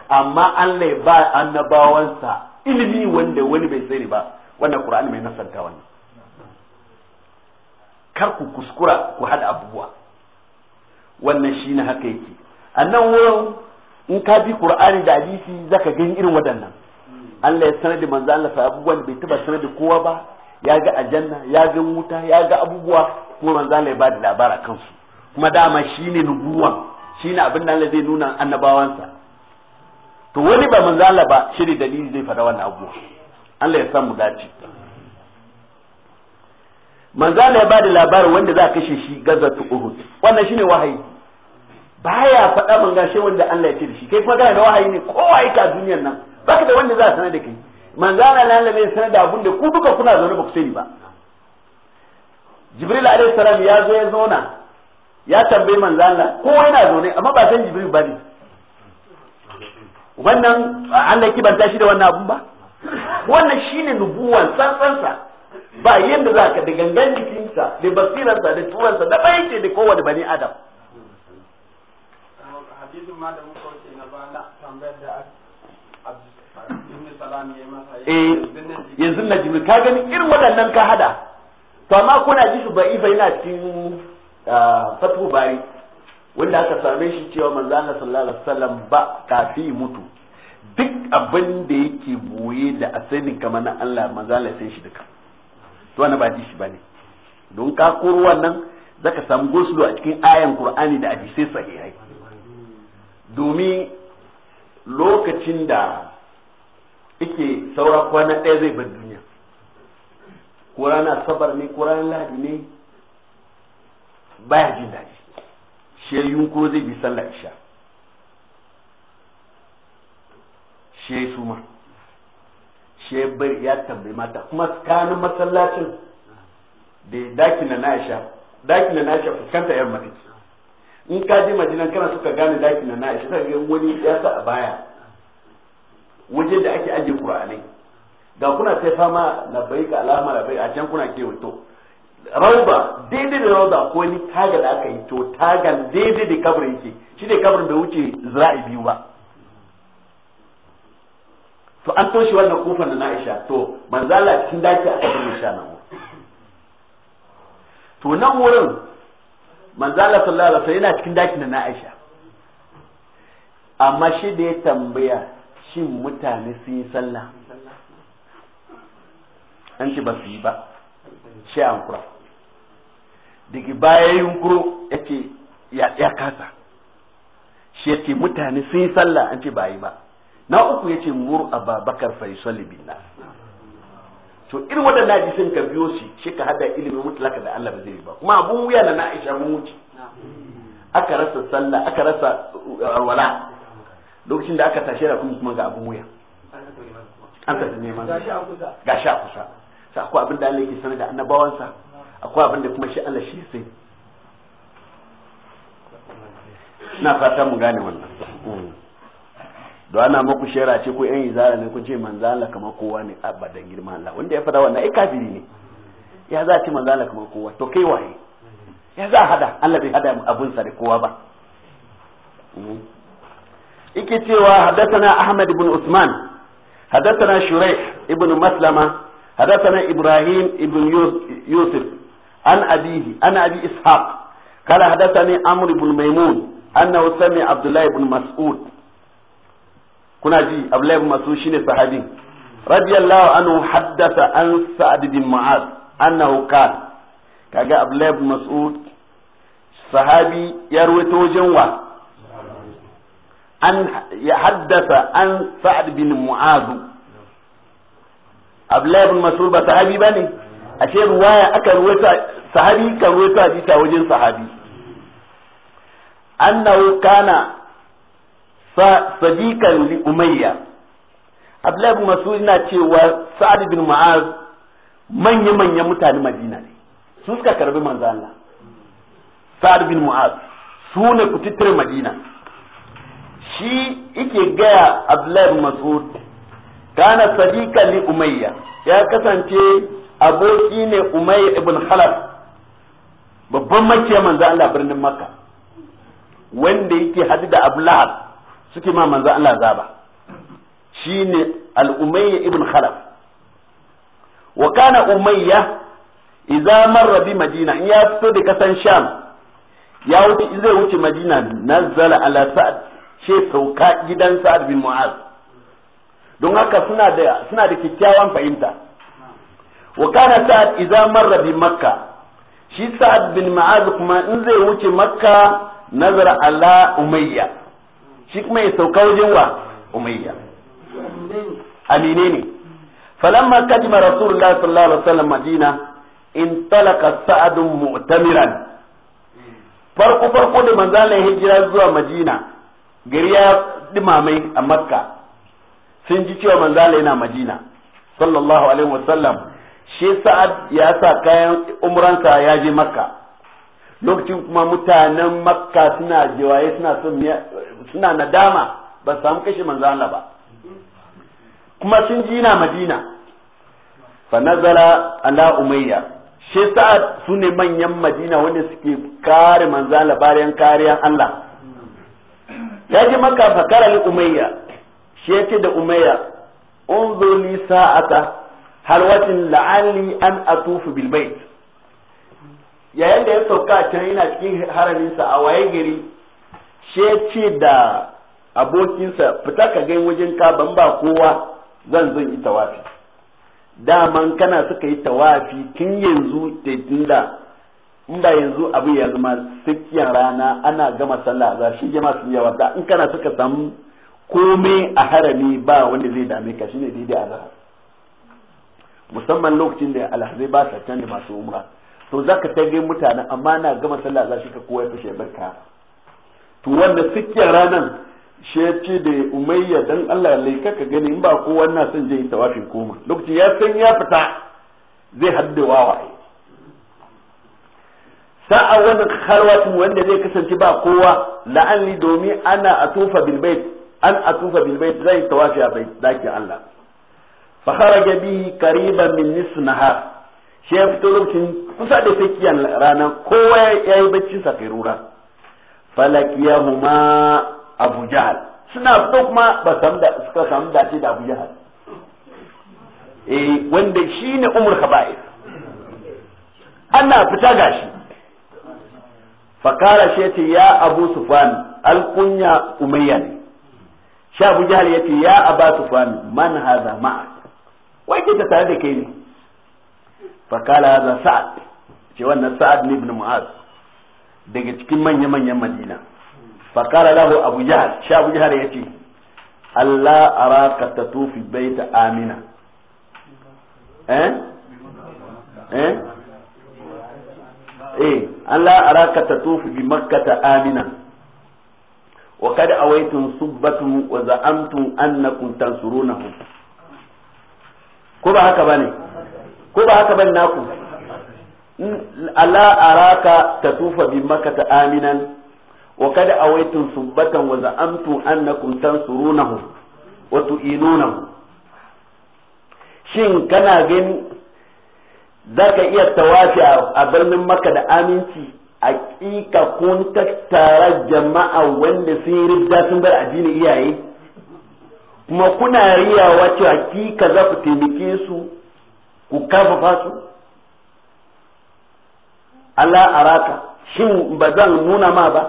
amma Allah ya ba annabawansa ilimi wanda wani bai sani ba wannan Qur'ani mai nasanta wannan kar ku kuskura ku hada abubuwa wannan shine haka yake annan wurin in ka bi qur'ani da hadisi zaka gani irin waɗannan Allah ya sanar da manzo Allah fa abubuwan bai taba sanar da kowa ba ya ga aljanna ya ga wuta ya ga abubuwa kuma manzo Allah ya ba da labara kansu kuma dama shine nubuwa shine abin da Allah zai nuna annabawansa to wani ba manzo Allah ba shine dalili zai fada wannan abu Allah ya mu dace manzo Allah ya ba da labarin wanda za a kashe shi gazatu uhud wannan shine wahayi baya faɗa man gashe wanda Allah ya ce da shi kai kuma da wahayi ne kowa yake a duniyar nan baka da wanda za a sanar da kai manzo Allah lalabe sanar da abun da ku duka kuna zaune ba ku sani ba Jibril alayhi salam ya zo ya zauna ya tambayi manzo Allah kowa yana zaune amma ba san Jibril ba ne wannan Allah kibanta shi da wannan abun ba wannan shine nubuwan tsantsansa ba yadda za ka da gangan jikinsa da basirarsa da turansa da ce da da bani adam hadisin ma da muka wuce na bana tambayar da Salam ya masa eh, yanzu na jimi ka gani irin waɗannan ka hada to amma kuna ji su ba'ifa yana cikin ah, fatu bari wanda aka same shi cewa manzo Allah sallallahu alaihi wasallam ba kafi mutu duk abin da yake boye da asalin kamar na Allah manzo Allah sai shi duka to wannan ba ji shi bane don ka koro wannan zaka samu goslo a cikin ayan Qur'ani da hadisai sahihai domin lokacin da ike saura kwana ɗaya zai bar duniya ko rana sabar ne ko ranar lahadi ne baya jin daɗi shi ko zai bi sallar isha shi suma shi bari ya tambayi mata kuma tsakanin masallacin da dakin na na isha dakin na na isha fuskanta yamma take in ka je madina kana suka gane daki na na'i ta ga wani ya sa a baya waje da ake ajiye qur'anai da kuna ta fama ka alama labbai a can kuna ke wato rauba daidai da rauba ko wani taga da aka yi to tagan daidai da kabri yake shi ne kabrin bai wuce zira'i biyu ba to an toshe wannan kofar da na'isha to manzala cikin daki a kabrin sha nan to nan wurin manzala sallallahu alaihi yana cikin dakin na Aisha amma shi da ya tambaya shin mutane sun yi sallah an ce ba su yi ba shi an kura daga baya yunkuro ya ce ya kasa shi ya ce mutane sun yi sallah an ce ba yi ba na uku ya ce mur ababakar fa yi salli nas to irin waɗannan hadisin ka biyo shi shi ka hada ilimin mutlaka da Allah ba zai ba kuma abun wuya na Aisha mun wuce aka rasa sallah aka rasa uh, wala lokacin da aka tashi da kuma ga abun wuya an tafi neman gashi a kusa sa akwai abin da Allah yake sanar da annabawansa akwai abin da kuma shi Allah shi sai na fata mu gane wannan hmm. don ana maku shera ce ko yan izara ne ku ce manzo Allah kamar kowa ne abadan girman Allah wanda ya fada wannan ai kafiri ne ya za a ce manzo Allah kamar kowa to kai waye ya za a hada Allah bai hada abun sa da kowa ba hmm. yake cewa hadathana Ahmad ibn Usman hadathana Shuraih ibn Maslama hadathana Ibrahim ibn Yusuf an abihi an abi Ishaq قال حدثني عمرو بن ميمون أنه سمع عبد الله بن مسعود kuna ji abdullahi ibn mas'ud shine sahabi radiyallahu anhu haddatha an sa'ad bin mu'az annahu qala kaga abdullahi ibn mas'ud sahabi ya rawaito wajen wa an ya haddatha an sa'ad bin mu'az abdullahi ibn mas'ud ba sahabi bane ashe ruwaya aka ruwaita sahabi kan ruwaita hadisi wajen sahabi annahu kana sadiqan li umayya abdullahi bin mas'ud na cewa sa'ad bin mu'az manya manyan mutane madina ne su suka karbi manzo Allah sa'ad bin mu'az su ne kutittir madina shi yake gaya abdullahi bin mas'ud kana sadiqan li umayya ya kasance aboki ne umayya ibn khalaf babban makiya manzo Allah birnin makka wanda yake hadu da abu suke ma manzo Allah zaba shine al-umayya ibn khalaf wa kana umayya idza marra bi madina ya fito da kasan sham ya wuce zai wuce madina nazzala ala sa'd she sauka gidan sa'd bin mu'az don haka suna da suna da kikkiawan fahimta wa kana sa'd idza marra bi makka shi sa'd bin mu'az kuma in zai wuce makka nazara ala umayya shi kuma ya sauka wajen wa umayya amine ne falamma kadima rasulullahi sallallahu alaihi wasallam madina in talaka sa'adun mu'tamiran farko farko da manzalan hijira zuwa madina gari ya dumamai a makka sun ji cewa manzala yana madina sallallahu alaihi wasallam shi sa'ad ya sa kayan umransa ya je makka lokacin kuma mutanen makka suna jiwaye suna nadama ba samu kashe manzo Allah ba kuma sun ji na madina fa nazala ala umayya shi sa'ad sune manyan madina wanda suke kare manzo Allah bayan kariyan Allah ya ji makka fa kara li umayya shi yake da umayya unzur li sa'ata halwatin watin an atufu bil bait yayin da ya sauka a can yana cikin haraminsa a waye gari she ce da abokinsa fita ka gai wajen ka ba kowa zan zan yi tawafi daman kana suka yi tawafi tun yanzu da dinda in yanzu abu ya zama tsakiyar rana ana gama sallah za shi jama su yawa da in kana suka samu komai a harami ba wanda zai dame ka shine daidai a zahar musamman lokacin da alhazai ba sa can da masu umra to ka tage mutane amma na gama sallah za shi ka koya ta shebar ka to wanda sikiyar ranan shi ce da umayya dan Allah lai kaka gani in ba kowa na son je tawafin koma lokaci ya san ya fita zai hadda wawaye sa'a wani kharwatin wanda zai kasance ba kowa la'anni domin ana atufa bil bait an atufa bil bait zai tawafi a bai daki Allah fa kharaja bihi qariban min nisf shi ya fito lokacin kusa da tsakiyar rana kowa ya yi bacci sa kai rura ma abu jahal suna fito kuma ba suka samu dace da abu jahal eh wanda shine umar khaba'is ana fita gashi fakara shi yace ya abu sufan alkunya umayya ne shi abu jahal ce ya abu sufan man haza ma'a wai ke ta tare da kai ne fakala haza sa'ad ce wannan sa'ad ne ibn mu'az daga cikin manya-manyan madina fakala lahu abu jahal shi abu jahal ya ce allah araka ta tufi bai ta amina eh eh eh allah araka ta tufi bi makkata amina وقد أويتم صبتم ko ba haka كما ne. ko ba haka ban naku ala araka tatufa bi makata aminan wa kad awaitum subbatan wa za'amtum annakum tansurunahu wa tu'inunahu shin kana gani zaka iya tawafi a birnin makka da aminci hakika kun tattara jama'a wanda sun yi ridda sun bar addinin iyaye kuma kuna riyawa cewa hakika za ku taimake su ku kafafa su Allah araka shin ba zan nuna ma ba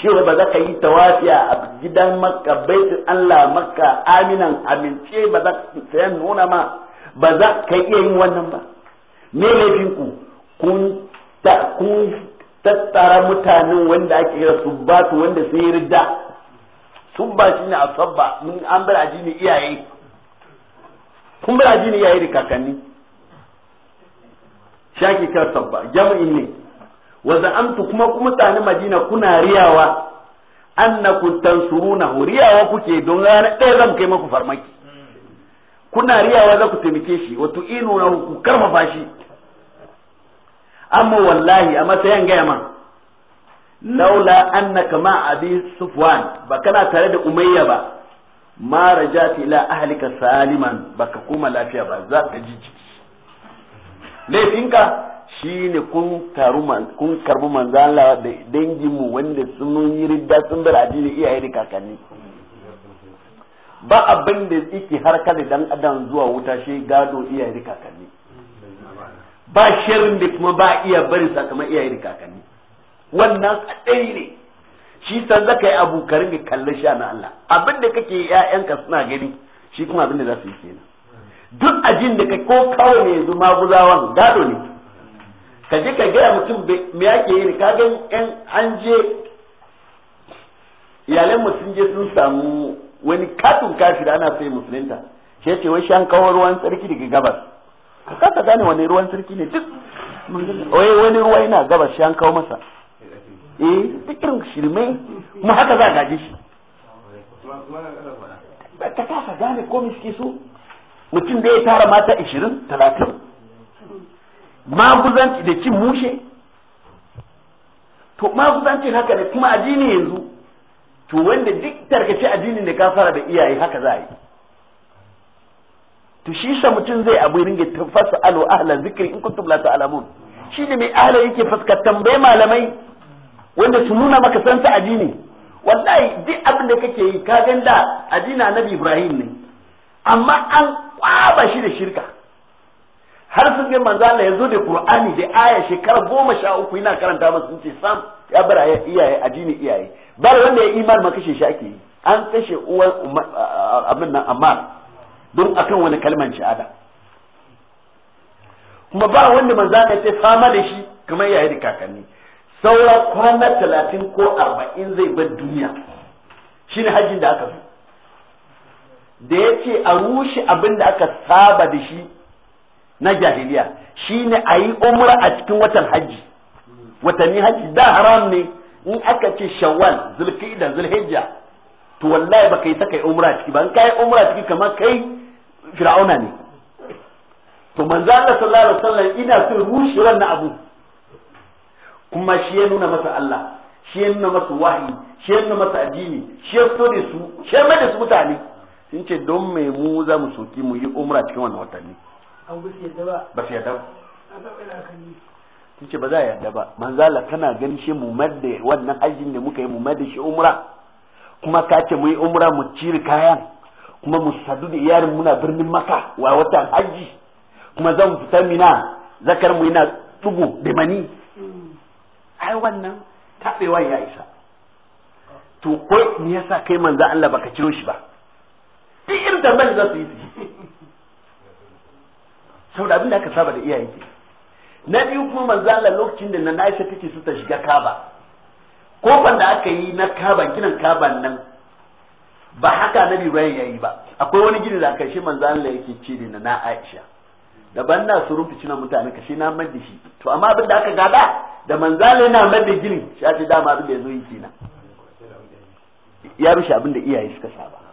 cewa ba za ka yi tawafiya a gidan makka baitin Allah makka aminan amince ba za ka sayan nuna ma ba za ka iya yin wannan ba me laifin ku kun ta kun tattara mutanen wanda ake kira subbatu wanda sun yi ridda subba shine asabba mun an bar ajini iyaye kun bar ajini iyaye da kakanni shaki kar sabba jam'i ne wa za'amtu kuma ku mutanen Madina kuna riyawa annakum tansuruna riyawa kuke don ranar ɗaya zan kai maku farmaki kuna riyawa za ku taimake shi wato inu na ku karfafa shi amma wallahi a matsayin gaya ma laula annaka ma abi sufwan ba kana tare da umayya ba ma rajati ila ahlika saliman baka koma lafiya ba za ka ji jiki laifinka shine kun kun karbi manzo Allah da danginmu wanda sun yi ridda sun bar addini iyaye da kakanni ba abin da yake harka da dan adam zuwa wuta shi gado iyaye da kakanni ba shirin da kuma ba iya bari sakamakon iyaye da kakanni wannan kadai ne shi san zaka yi abu karin da kallon sha na Allah abin da kake yayanka suna gani shi kuma abin da za su yi kenan duk ajin da ka ko kawai ne yanzu maguzawan gado ne ka je ka gaya mutum me yake yi ka ga yan an je iyalan mu sun je sun samu wani katon da ana sai musulunta Ke ce wai shan kawo ruwan sarki daga gabas ka kasa gane wani ruwan sarki ne duk wai wani ruwa yana gabas shan kawo masa eh duk irin shirme mu haka za gaji shi ka kasa gane komai suke so mutum da ya tara mata ishirin talatin maguzanci da cin mushe to maguzanci haka ne kuma addini yanzu to wanda duk tarkace addini ne ka fara da iyaye haka za a yi to shi sa mutum zai abu ringa tafasa alo ahlan zikri in kuntum la ta'lamun shi ne mai ahla yake fuskar tambaye malamai wanda su nuna maka san ta addini wallahi duk abin da kake yi ka ganda addini Annabi Ibrahim ne amma an kwaba shi da shirka har sun ga manzo Allah ya da Qur'ani da aya shekara goma sha uku yana karanta masa sun ce sam ya bar iyaye addini iyaye bar wanda ya iman ma kashe shi ake yi an kashe uwan abin nan amma don akan wani kalman shahada kuma ba wanda manzo Allah ya ce fama da shi kamar iyaye da kakanni saura kwana talatin ko arba'in zai bar duniya shine hajjin da aka fi da ya a rushe abin da aka saba da shi na jahiliya shine a yi umra a cikin watan hajji watanni hajji da haram ne in aka ce shawwal da zulhijja to wallahi baka yi ta kai umra ciki ba in kai umra ciki kamar kai fir'auna ne to manzo Allah sallallahu alaihi wasallam ina son rushe wannan abu kuma shi ya nuna masa Allah shi ya nuna masa wahayi shi ya nuna masa addini shi ya so da su shi ya mai su mutane sun ce don me mu za mu soki mu yi umra cikin wannan watanni ba su yadda ba sun ce ba za a yadda ba manzala kana ganin shi mu madda wannan ajin da muka yi mu madda shi umra kuma ka ce mu yi umra mu cire kayan kuma mu sadu da iyalin muna birnin maka wa watan hajji kuma zan fita mina zakar mu yana dugu da mani hmm. ai wannan tabewa ya isa to ko me yasa kai manzo Allah baka ciro shi ba duk irin tambayar za su yi su saboda abin aka saba da iyaye ke na biyu kuma manzo Allah lokacin da na Aisha take su ta shiga kaba, kofar da aka yi na Kaaba ginin Kaaba nan ba haka Nabi Ibrahim yayi ba akwai wani gini da aka shi manzo Allah yake ce da na Aisha da ban na su rufi cinan mutane ka shi na madda shi to amma abin da aka gada da manzo Allah yana madda ginin, shi ce dama abin da yazo yi kenan ya rushe abin da iyaye suka saba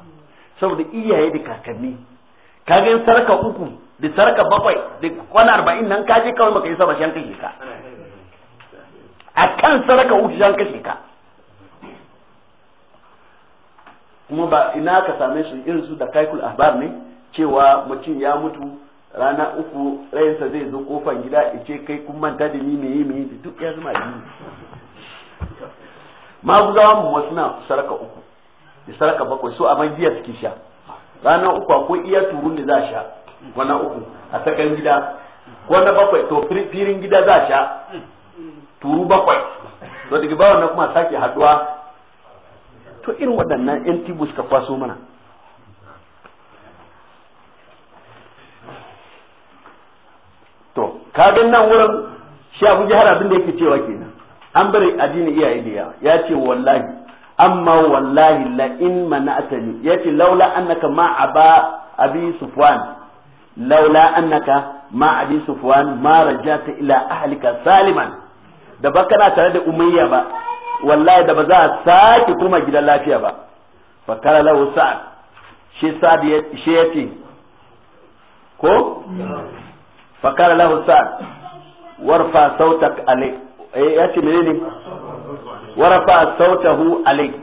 saboda iyaye da kakanni ka ga sarka uku da sarka bakwai da kwana arba'in nan ka je kawai maka yi saba shan kashe ka a kan sarka uku shan kashe ka kuma ba ina ka same su irin su da kaikul ahbar ne cewa mutum ya mutu rana uku rayansa zai zo kofan gida ya ce kai kun manta da ni yi meye duk ya zama yi ma guzawa mu wasu na sarka uku da sarka bakwai so a giya suke sha ranar uku akwai iya turun da za sha wannan uku a tsakan gida ko na bakwai to firin gida za sha turu bakwai to daga ba wannan kuma sake haduwa to irin waɗannan yan tibu suka kwaso mana to kagan nan wurin shi abu jihar abin da yake cewa kenan an bari addini iyaye da yawa ya ce wallahi amma wallahi la in mana'atani yace laula annaka ma laula annaka ma abi sufwan ma ila ahlika saliman da ba kana tare da umayya ba wallahi da ba za a sake kuma gidan lafiya ba fa kala lahu sa'ad shi sa'ad shi yace ko fa kala lahu sa'ad warfa sautak eh yace menene wa rafa sautahu alai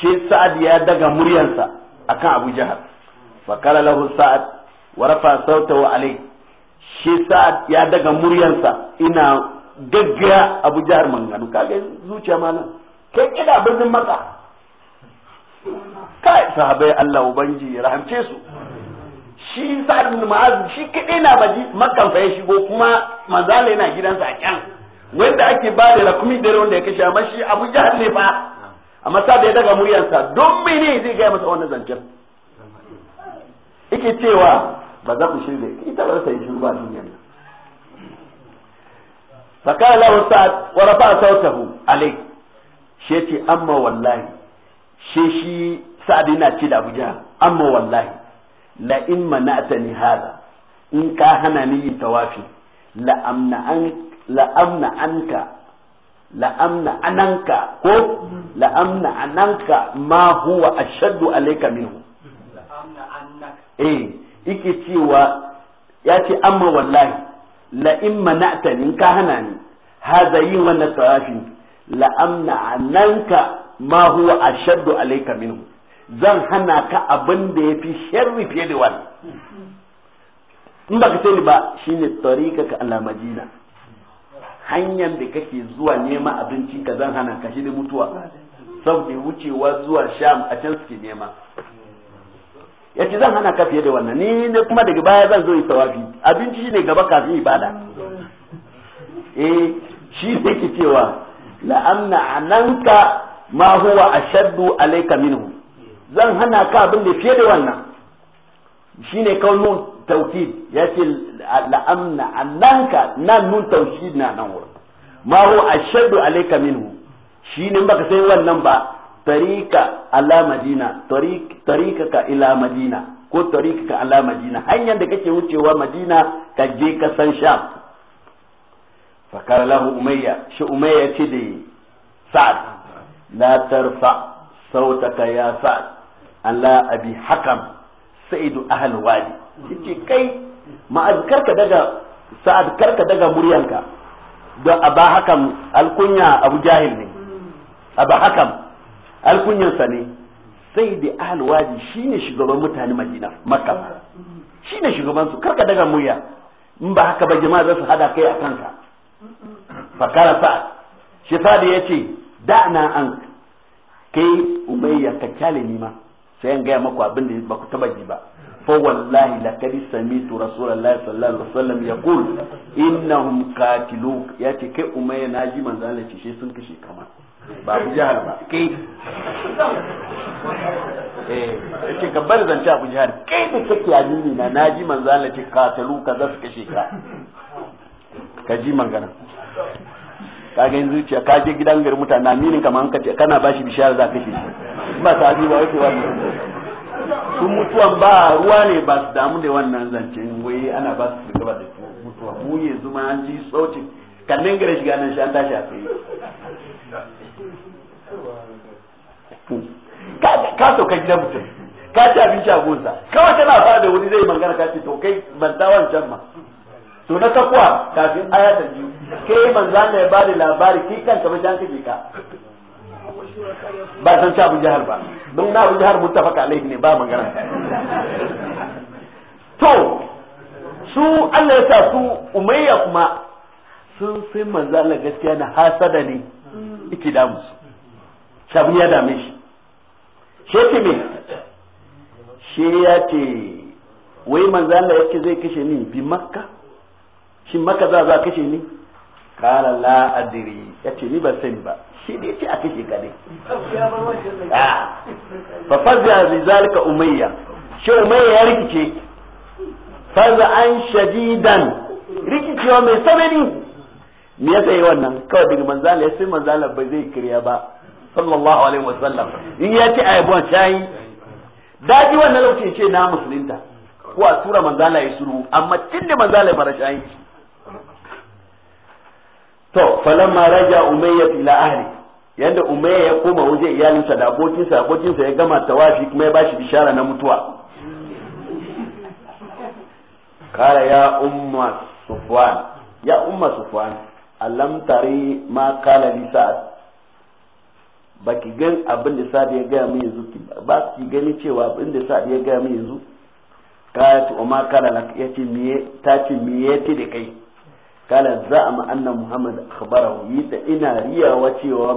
shi sa'ad ya daga muryansa akan abu jahal fa kala lahu sa'ad wa rafa sautahu alai shi sa'ad ya daga muryansa ina gaggaya abu jahal manganu kage zuciya nan kai kida birnin maka kai sahabai Allah ubangi rahamce su shi sa'ad bin ma'az shi kadai na baji makan fa ya shigo kuma manzala yana gidansa a can wanda ake ba da rakumi dare wanda ya kashe amma shi abu jahal ne fa amma sa da ya daga muryansa don mene zai gaya masa wannan zancen ike cewa ba za ku shirya ita ba za ta yi shiru ba duniyar nan fakala wa sa'ad wa rafa sautahu alai shi yace amma wallahi shi shi sa'ad yana ce da Abu amma wallahi la in mana'tani hada in ka hana ni yin tawafi la amna an la'amna anka la'amna ananka ko la'amna ananka ma huwa ashaddu alayka minhu la'amna annaka eh yake cewa ya ce amma wallahi la in mana'ta in ka hana ni hada yi wannan tsafi la amna ananka ma huwa ashaddu alayka minhu zan hana ka abin da yafi sharri fiye da wannan in baka ce ni ba shine tariqa ka ala madina hanyar da kake zuwa nema abinci ka zan hana ka shi da mutuwa saboda wucewa zuwa sham a can suke nema ya ce zan hana ka fiye da wannan ni ne kuma daga baya zan zo yi tawafi abinci shi ne gaba kafin ibada eh shi ne ke cewa la'amna ananka ma huwa ashaddu alayka minhu zan hana ka abin da fiye da wannan shine kaunun tawkid yace la'amna annanka nan nun tawkid na nan wurin ma huwa ashaddu alayka minhu shine baka sai wannan ba tarika ala madina tarika ka ila madina ko tarika ka ala madina hanyar da kake wucewa madina ka je ka san sham fakara lahu umayya shi ce da sa'ad la tarfa sautaka ya sa'ad ala abi hakam sa'idu ahal wadi yace kai ma'azkar ka daga sa'ad karka daga muryanka don aba hakan alkunya abu jahil ne aba hakan alkunyansa ne sai da shi shine shugaban mutane madina makka shine shugaban su karka daga murya in ba haka ba jama'a za su hada kai a kanka fakara sa shi sa'ad ya ce da'na an kai umayya ka kyale ni ma sai an gaya maku abin da ba ku taba ji ba فوالله لقد سميت رسول الله صلى الله عليه وسلم يقول انهم قاتلوا ياتي كي اميه ناجي من زال تشي shi sun kashe jihar ba eh yace ka bar zance abu jihar kai da kake amini na naji man zan ce katalu ka za kashe ka ka ji magana ka ga ka je gidan gari mutane aminin kamar kana bashi bishara za ka kashe shi ba ta ba su mutuwan ba ruwa ne ba damu wannan zancen wai ana ba kwa gaba da mutuwa mu yanzu ma an ji sautin kannin gare shiga nan shi an tashi a tsaye ka sauka gidan mutum ka ci abinci a gonsa kawai tana fara da wani magana ka ce to kai na kafin aya kai manzan ya labari kai ba san jihar jahar ba don na abu jahar mutafaka alaihi ne ba magana to su Allah ya sa su umayya kuma sun sai manzo Allah gaskiya na hasada ne yake damu musu shabu ya dame shi she ce me she ya ce wai manzo Allah yake zai kashe ni bi makka shin makka za za kashe ni kala la adiri ya ce ni ba sani ba shi ne ce a kashe gane ne ah. fa a bi zalika umayya shi umayya ya rikice faza an shadidan rikicewa mai sabani me yasa yi wannan kawai daga manzala ya sai manzala ba zai kiriya ba sallallahu alaihi sallam in ya ce ayabuwa shayi daji wannan lokaci ce na musulunta ko a tura manzala ya suru amma tun da manzala ya fara shayi to falamma raja umayya ila ahli yanda umayya ya koma waje iyalinsa da abokinsa abokinsa ya gama tawafi kuma ya bashi bishara na mutuwa kala ya umma sufwan ya umma sufwan alam tari ma kala lisa sa'ad baki gan abin da sa ya gaya min yanzu ba ki gani cewa abin da sa ya gaya min yanzu kala ta ma kala ya ce miye ta ce miye ti da kai kala za'ama anna muhammad akhbarahu yita ina riyawa cewa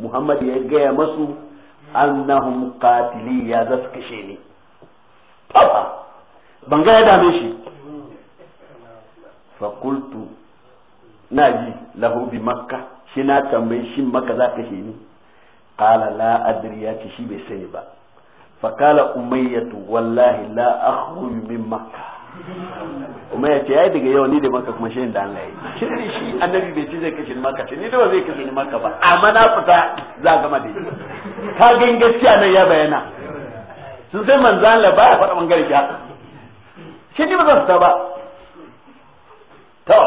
muhammad ya gaya masu annahum qatili ya za su kashe ni papa ban gaya dame shi fakultu na naji lahobi makka shi na tambayi shi maka za kashe ni kala la adri ya ce shi bai sani ba fa umayyatu wallahi la akhruju min makka kuma ya ce ya daga yau ni da maka kuma shirin da Allah ya yi shirin shi annabi bai ci zai kashe ni maka ce ni da zai kashe ni maka ba amma na fita za a gama da shi ka gan gaskiya nan ya bayana sun sai manzo Allah ba ya faɗa bangare shi haka shi ne ba su ta ba to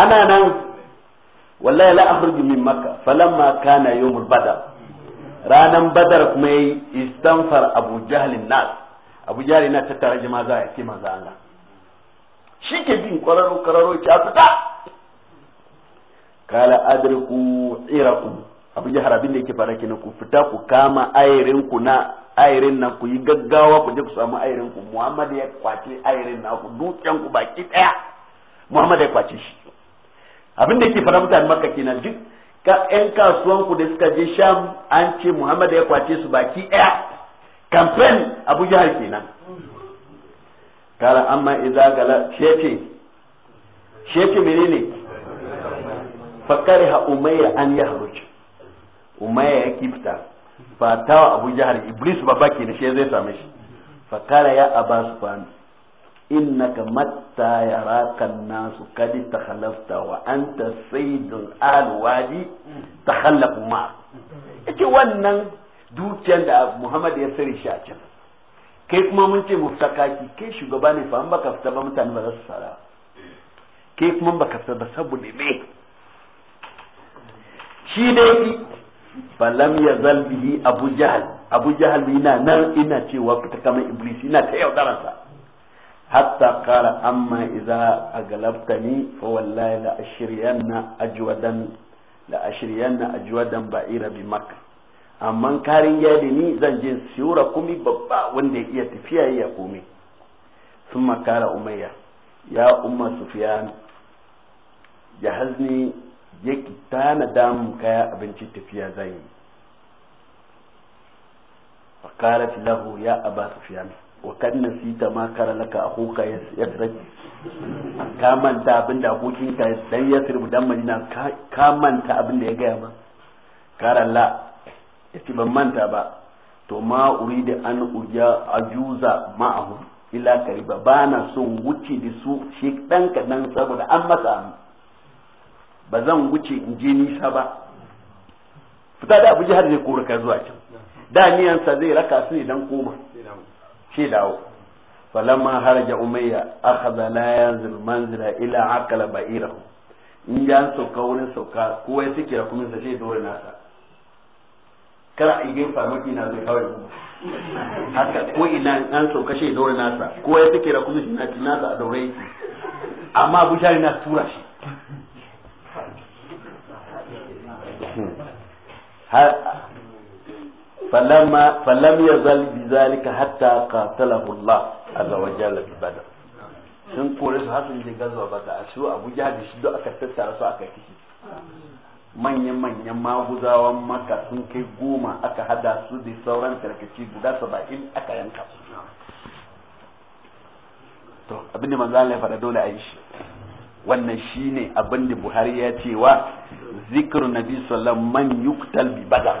ana nan wallahi la akhruju min makka falamma kana yawmul badar ranan badar kuma yayi istanfar abu jahlin nas abu jari na tattara jama'a za a yake manzo Allah shi ke bin kwararo kwararo ki fita kala adriku iraku abu jahar abin da yake fara kina ku fita ku kama ayirin ku na ayirin nan ku yi gaggawa ku je ku samu ayirin ku Muhammad ya kwace ayirin na ku dukiyan ku baki daya Muhammad ya kwace shi abin da yake fara mutane makka kenan duk ka ƴan kasuwan ku da suka je Sham an ce Muhammad ya kwace su baki daya kamfen abu jihar kenan kala amma idza gala shece shece menene fakari ha umayya an ya yahruj umayya ya kifta ba tawa abu jihar iblis ba baki da shi zai same shi fakara ya aba sufan innaka matta yaraka nasu kad takhallafta wa anta sayyidul alwadi takhallafu ma yace wannan dukiyar da Muhammad ya sani shi a can kai kuma mun ce muftakaki kai shugaba ne fa an baka fita ba mutane ba za su sara kai kuma baka fita ba saboda me shi dai balam ya zalbihi abu jahal abu jahal ina nan ina cewa fita kamar iblis ina ta yaudaransa hatta kara amma idza agalabtani fa wallahi la ashriyanna ajwadan la ashriyanna ajwadan ba'ira bi makkah amma karin ya ni zan je siyo kumi babba wanda ya iya tafiya ya komi sun makara umayya ya umma sufiyan hazni ya tana damun kaya abinci tafiya zai yi fakarat lahu ya aba sufiyan wa kan nasita ma kara laka akuka ya tsaki ka manta abin da ka dan ya sirbu dan madina ka manta abin da ya gaya ma kara la yace ban manta ba to ma uridi an uja ajuza ma'ahu ila kariba ba na son wuce da su shi dan kadan saboda an masa ba zan wuce in je nisa ba fita da abu jihar zai kora ka zuwa can da niyansa zai raka su ne dan koma shi dawo falamma haraja umayya akhadha la yanzil manzila ila akala ba'irahu in ya sauka wurin sauka kowa ya sike rakumin sa sai dole nasa kar a yi farmaki na zai kawai haka ko ina an so kashe dole nasa ko ya take ra kuma na nasa a daure amma Abu Jahal na tura shi فلما فلم يزل بذلك حتى قاتله الله عز وجل في بدر sun kore su hasu da gazuwa ba ta su abu jihar da shi duk aka tattara su aka kishi manyan-manyan mahuzawan maka sun kai goma aka hada su da sauran tarkaci guda saba'in aka yanka su to abinda manzo Allah ya fara dole a yi shi wannan shine abin da Buhari ya ce wa zikru nabi sallallahu man yuktal bi badar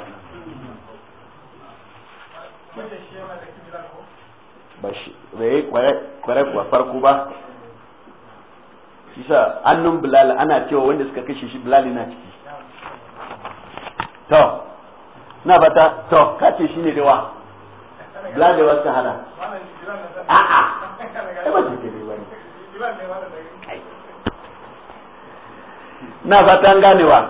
ba shi kware kuwa farko ba isa annun bilal ana cewa wanda suka kashe shi bilal na ciki to na bata to kace shi ne dawa bla da wasu hada a a ai ba take ne wani na fatan ganewa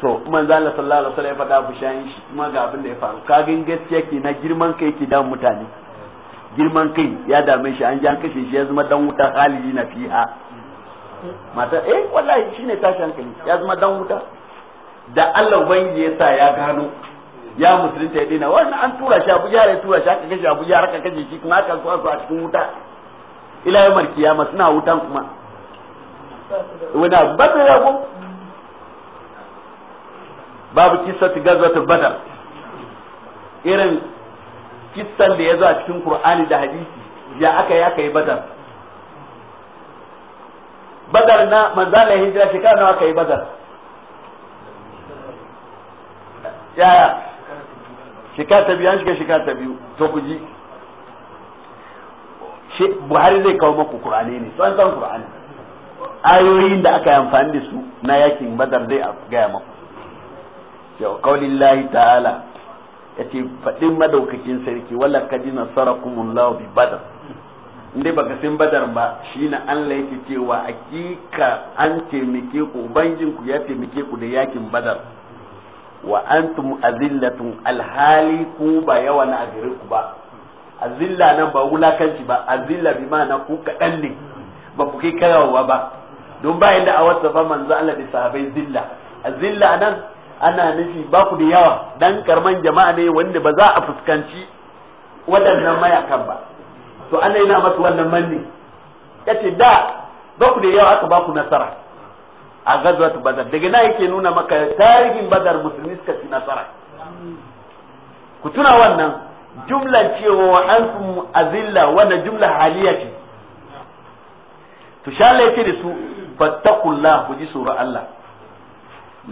to kuma zan la sallallahu alaihi wasallam ya faɗa bushayin shi kuma ga abin da ya faru ka kagin gaskiya ke na girman kai ke da mutane girman kai ya dame shi an ji an kashe shi ya zama dan wuta halili na fiha mata eh wallahi shine tashin hankali ya zama dan wuta da Allah ubangiji ya sa ya gano ya musulunta ya dina wannan an tura shi Abuja ya tura shi aka kashe Abuja har aka kashe shi kuma aka so a cikin wuta ila yamar kiyama suna wutan kuma wani abu ba ta yago babu gazo ta badar irin kissan da ya zo a cikin Qur'ani da hadisi ya aka ya kai badar badar na manzala hijira shekara nawa kai badar yaya shika ta biyu an shiga shika ta biyu to ku ji buhari zai kawo maku kur'ani ne an san kur'ani ayoyin da aka yi amfani da su na yakin badar zai gaya maku yau kawalin lahi ta'ala ya ce faɗin madaukakin sarki wala kaji nasara lawa bi badar inda baka san badar ba shi na Allah yake cewa akika an taimake ku ubangin ku ya taimake ku da yakin badar wa antum azillatun alhali ku ba yawa na ku ba azilla nan ba wulakanci ba azilla bi na ku kaɗan ne ba ku kai karawa ba don ba inda a wata ba manzo Allah da sahabbai zilla azilla nan ana nufi ba ku da yawa dan karman jama'a ne wanda ba za a fuskanci waɗannan mayakan ba to Allah yana masa wannan manni yace da ba ku da yawa aka ba ku nasara a gazwatu badar daga na yake nuna maka tarihin badar musulmi suka ci nasara ku tuna wannan jumla cewa wa antum azilla wanda jumla haliya ce to shala yake da su fattakullah ku ji tsoron Allah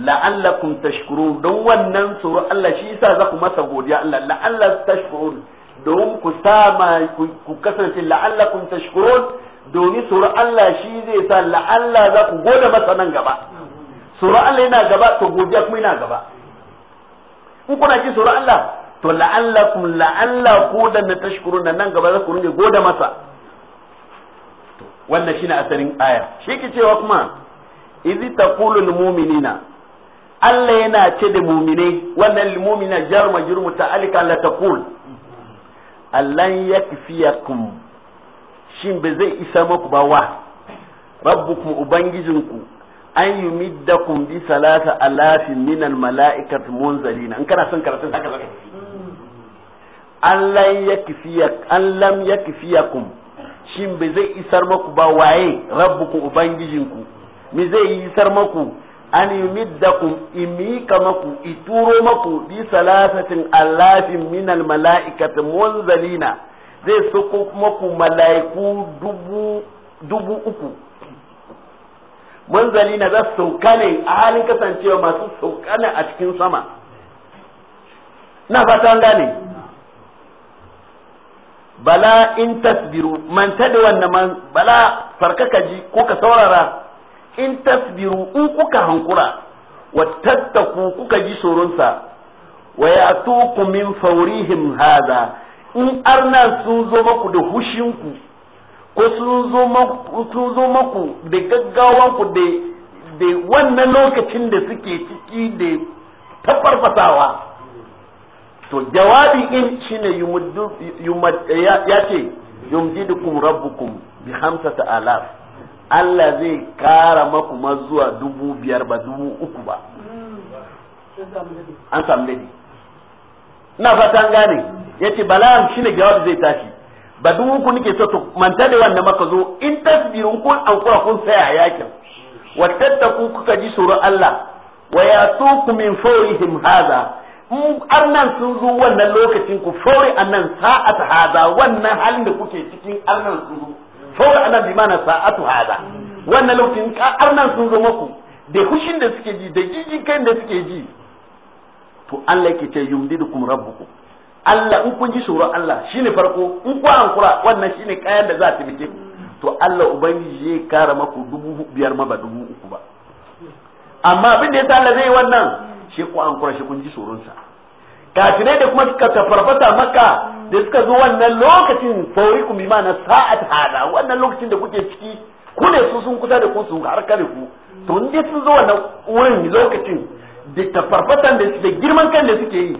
la'allakum tashkurun don wannan tsoron Allah shi yasa za ku masa godiya Allah la'alla tashkurun don ku sama ku kasance la'allakum tashkurun domin tsoron Allah shi zai sa la'alla za ku gode masa nan gaba tsoron Allah yana gaba to godiya kuma yana gaba in kuna ji tsoron Allah to la'alla kun, la'alla ku da na tashkuru nan nan gaba za ku rinje gode masa wannan shine asalin aya shi ke cewa kuma izi taqulu lil mu'minina Allah yana ce da mumine, wannan lil mu'mina jar majrur muta'allika la taqul allan yakfiyakum shin ba zai isa maku ba wa rabbukum ubangijinku an yi middakum bi salata alafin minan mala'ikat munzalina in kana son karatun haka zaka an lam ya kifiyakum shin ba zai isar maku ba waye rabbukum ubangijinku mi zai isar maku an yi middakum imika maku ituro maku bi salasatin alafin minan mala'ikat munzalina zai soko kuma ku mala'iku dubu dubu uku manzali na za su sauka ne a halin kasancewa masu sauka ne a cikin sama na fata an gane bala in tasbiru man da wannan man bala farkaka ji ko ka saurara in tasbiru in kuka hankura wa tattaku kuka ji tsoronsa wa ya min faurihim hada in arna sun zo maku da hushinku ko sun zo maku da gaggawanku da wannan lokacin da suke ciki da tabbarfasawa to jawabi in shine ya ce yumdidukum rabbukum bi hamsata alaf Allah zai kara maku mazuwa dubu biyar ba dubu uku ba hmm. an samu dadi ina fata an gane yace bala'an shine jawabi zai tashi ba duk ku nake so to manta da wannan maka zo in tasbirin kun an kura kun saya yakin tattaku kuka ji tsoro Allah wa ya ku min fawrihim haza in arnan sun zo wannan lokacin ku fawri annan sa'at haza wannan halin da kuke cikin arnan sun zo fawri annan bi mana sa'atu haza wannan lokacin arnan sun zo maku da hushin da suke ji da jijin kai da suke ji to Allah yake ce yumdidukum rabbukum Allah in kun ji Allah shine farko in ku hankura wannan shine kayan da za ta bice to Allah ubangiji zai kara maku dubu biyar ma ba dubu uku ba amma abin da yasa Allah zai wannan shi ku hankura shi kun ji tsoron sa kafirai da kuma suka tafarfata maka da suka zo wannan lokacin faurikum bi na sa'at hada wannan lokacin da kuke ciki ku ne su sun kusa da ku su harka da ku to in sun zo wannan wurin lokacin da tafarfatan da da girman kan da suke yi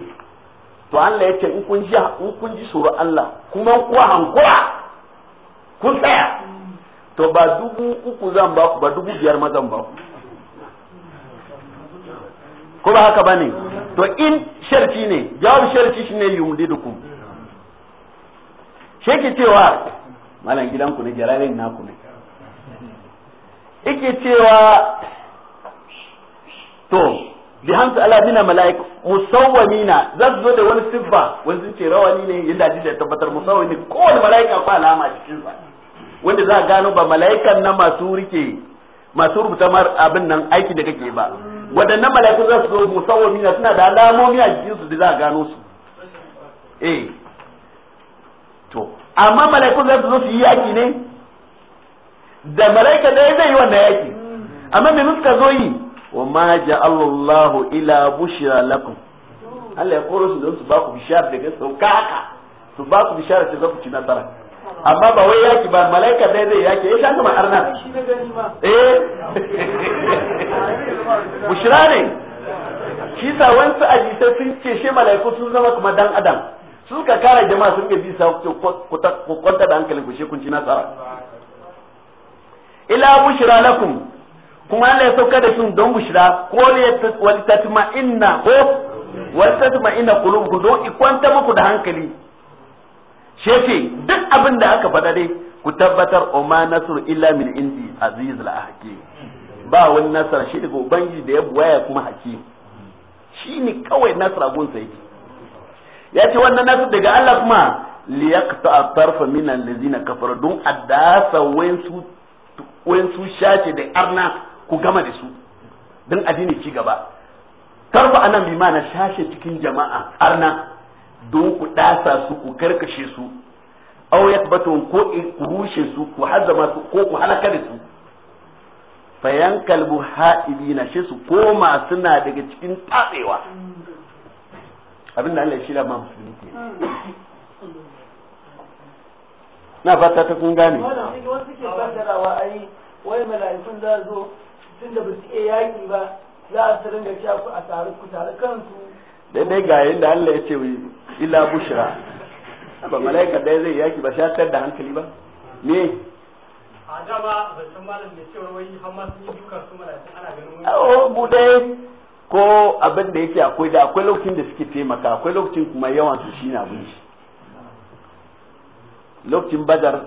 to Allah ya ce in kun ji in kun ji tsoro Allah kuma kuwa hankura kun tsaya to ba dubu uku zan ba ku ba dubu biyar ma zan ba ku ko ba haka bane to in sharci ne jawab sharti shine yumdidukum sheke cewa malam gidanku ne jararin naku ne ike cewa to bi ala mina mala'ik musawwamina za zo da wani siffa wani sun ce rawani ne yadda ji da tabbatar musawwami kowane mala'ika ko alama a cikin sa wanda za a gano ba mala'ikan na masu rike masu rubuta mar abin nan aiki da kake ba waɗannan mala'iku za su zo musawwamina suna da alamomi a jikin su da za a gano su eh to amma mala'iku za su zo su yi yaki ne da mala'ika ɗaya zai yi wannan yaki amma me suka zo yi wa ma ja'alallahu ila bushra lakum Allah ya koro su don su ba ku bishara daga sauka haka su ba ku bishara ta za ku ci nasara amma ba wai yaki ba malaika dai zai yaki ya sha kuma arna eh bushra ne shi sa wani ajisai sun ce she malaiku sun zama kuma dan adam suka kara jama'a sun ke bisa ku kwanta da hankalin ku she kun ci nasara ila bushra lakum kuma Allah ya sauka da sun don bushra ko wal inna ko wal inna qulubukum don ikwanta muku da hankali shefe duk abin da aka faɗa dai ku tabbatar umma nasiru illa min indi aziz al ba wani nasara shi daga ubangiji da ya buwaya kuma haki shi ne kawai nasara gunsa yake ya ce wannan nasar daga Allah kuma a atarfa min allazina kafara don adasa wayansu wayansu shace da arna ku gama da su don addini ci gaba karfa anan bi mana shashe cikin jama'a arna don ku dasa su ku karkashe su aw yakbatu ko ku rushe su ku hazama su ko ku halaka da su fayan kalbu ha'ibina shi su koma suna daga cikin tatsewa abin da Allah ya shirya ma musulmi ke na fata ta kun gane Wani wai mala'ikun da zo tunda ba su iya yaƙi ba za a sarin da cewa ku a tare ku tare kansu daidai ga yin da Allah ya ce ila bushra ba malaika dai zai yaki ba shatar da hankali ba me a ba zancen malam da cewa wai hamas yi duka su malaika ana ganin wani bude ko abin da yake akwai da akwai lokacin da suke taimaka akwai lokacin kuma yawan su shine abin shi lokacin badar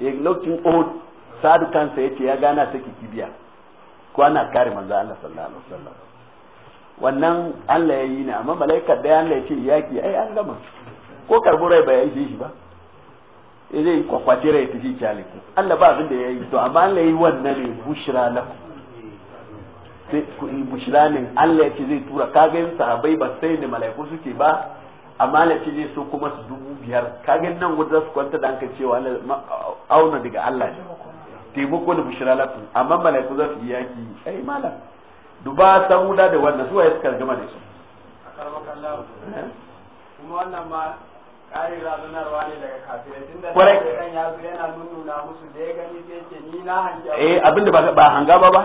eh, lokacin uhud sadu kansa yace ya gana take kibiya ko ana kare manzo Allah sallallahu alaihi wasallam wannan Allah ya yi ne amma malaika da Allah ya ce yaki ai an gama ko karbu rai bai ya yi shi ba zai kwakwace rai ta shi kyale Allah ba abin da ya yi to amma Allah ya yi wannan ne bushra lakum sai ku yi bushra ne Allah ya ce zai tura kaga yin sahabbai ba sai ne malaiku suke ba amma Allah ce zai so kuma su dubu biyar kaga nan gudu za su kwanta da hankali cewa auna daga Allah ne taimako da bushira lafi amma malaiku za su yi yaki ai malam duba sauda da wannan suka gama da su kuma wannan ma ƙari eh abinda ba hanga ba ba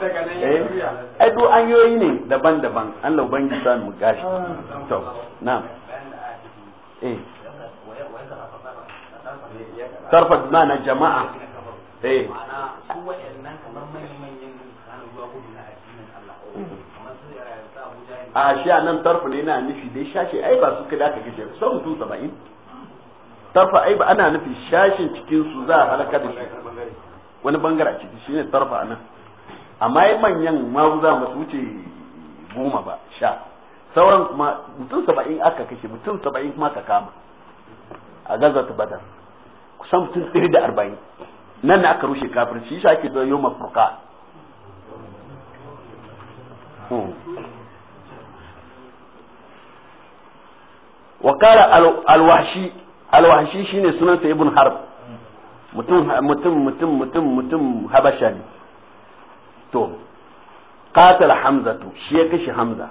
daga nan ya ai ne daban-daban Allah sa mu gashi to na'am eh tarfa na jama'a eh ma'ana su waɗannan kamar manyan ruwa gudu na addinin Allah kamar su sa Abuja a shi a nan tarfa ne na nufi dai shashi ai ba su kada ka gaje sau mutum saba'in tarfa ai ba ana nufi shashin cikin su za a halaka da shi wani bangare ciki ne tarfa a nan amma yi manyan maguza masu wuce goma ba sha sauran kuma mutum saba'in aka kashe mutum saba'in kuma ka kama a gaza ta badar kusan mutum ɗari da arba'in nan na aka rushe kafirci shi ake zai yoma furka wa kara alwashi alwashi shine sunansa ibn harb mutum mutum mutum mutum mutum habasha ne to qatal hamzatu shi ya kashe hamza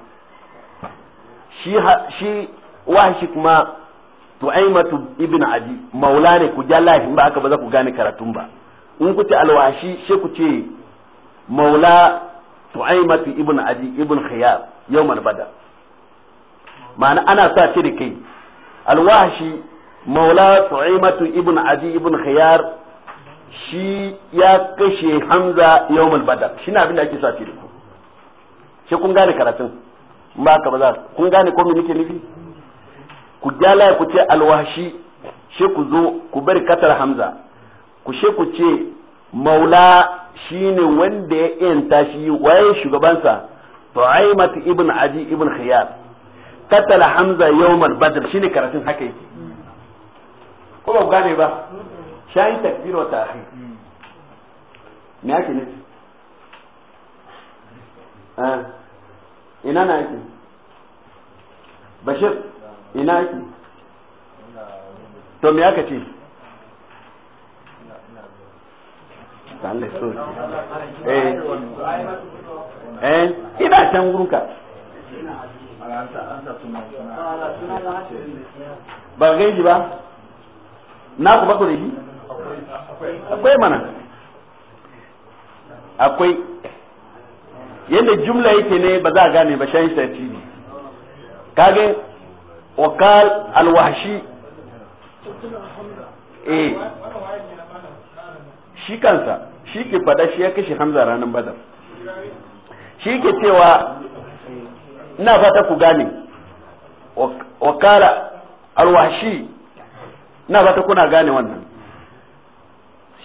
shi shi wahshi kuma tu'aimatu ibn adi maula ne ku ja lafi ba aka ba za ku gane karatun ba in ku ce alwashi she ku ce maula tu'aimatu ibn adi ibn khiyar yawmal badar ma'ana ana sa ce da kai alwashi maula tu'aimatu ibn adi ibn khiyar shi ya kashe hamza yawmal badar shi na abin da ake sa ce da ku she kun gane karatun ba haka ba za kun gane ko me nake nufi ku gyala ku ce alwashi she ku zo ku bari katar hamza ku she ku ce maula shine wanda ya yanta tashi waye shugabansa tu'aimat ibn adi ibn khiyar katal hamza yawmal badr shine karatun haka yake ko ba gane ba shayi takbir wa ta'khir me yake ne eh, ina na yake bashir ina ki to me aka ce Allah so eh eh ina can gurinka ba gaiji ba na ku ba da shi akwai mana akwai yadda jumla yake ne ba za a gane ba shan shi ne kage وقال الوحشي eh shi kansa shi ke fada shi ya kashe hamza ranar badar shi ke cewa ina fata ku gane wakala alwashi ina fata kuna gane wannan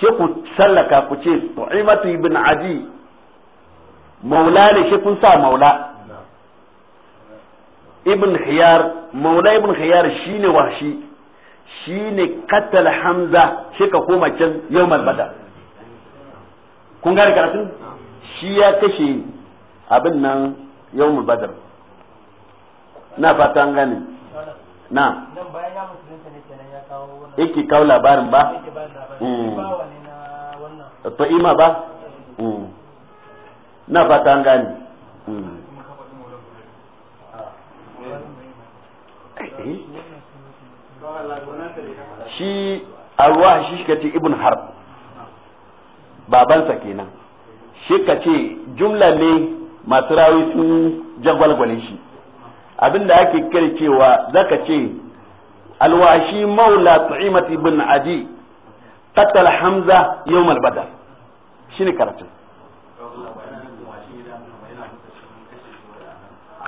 shi ku sallaka ku ce tu'imatu ibn adi maula ne shi kun sa maula ibn khiyar maula ibn khiyar shine wahshi shine katal hamza shi ka koma can yawmal badar kun gane karatun shi ya kashe abin nan yawmal badar na fata an gane na yake kawo labarin ba mm. to ima ba mm. na fata an gane mm. shi arwa shi shi ce ibn harb babansa kenan shi ka jumla ne masu rawi sun jagwalgwale shi abinda ake kira cewa zaka ce alwashi maula tu'imat ibn adi qatal hamza yawm al shi ne karatun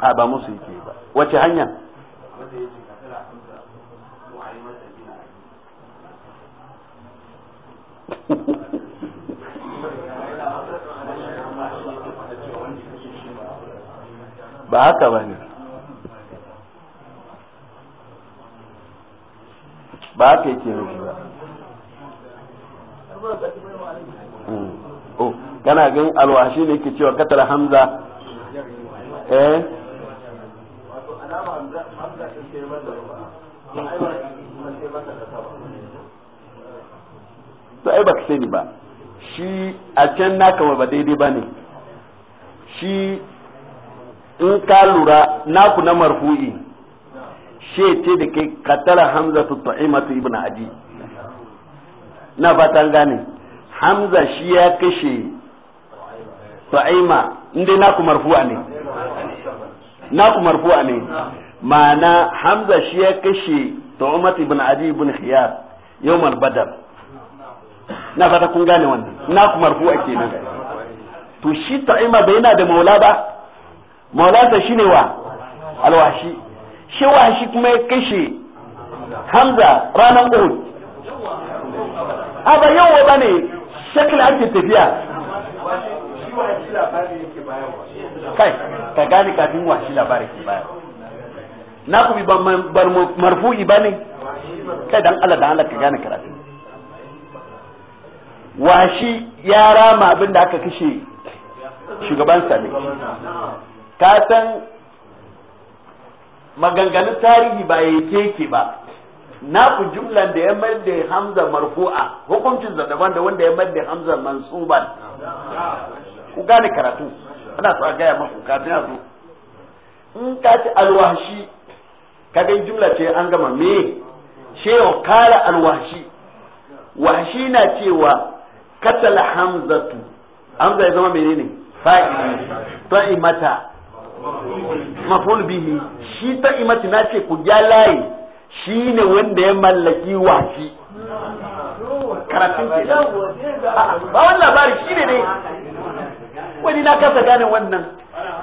a ba musu yake ba wace hanya ba haka ba ne ba haka yake nufi ba hmm. o oh, kana gan alwashi ne ke cewa katar hamza eh to ai baka sani ba shi a can naka ba daidai ba ne shi in ka lura naku na marfu'i she ce da kai katara hamzatu ta'imatu ibnu adi na fatan gane hamza shi ya kashe ta'ima inda naku marfu'a ne naku marfu'a ne ma'ana hamza shi ya kashe ta'imatu ibnu adi ibn khiyar yawmal badar na fata kun gane wannan na ku ake nan to shi ta'ima bai yana da maula ba shi shine wa alwashi shi washi kuma ya kashe hamza ranan uhud a ba yau ba ne shakil ake tafiya kai ka gane kafin washi labari ke bayar na ku bi bar marfu'i bane kai dan Allah dan Allah ka gane karatu washi ya rama abin da aka kashe shugabansa ne ka san maganganun tarihi ba ya keke ba na ku jumlan da ya mayar da hamza marfu'a hukuncin daban da wanda ya mayar da hamza mansuban ku gane karatu ana so a gaya maku ka a zo in ka ci alwashi ka ga jumla ce an gama me shehu kara alwashi washi na cewa katala hamzatu hamza ya zama menene fa'ili ta'imata maful bihi shi ta'imata na nace ku ja layi shine wanda ya mallaki wafi karatun ke ba wani labari shi ne wani na kasa gane wannan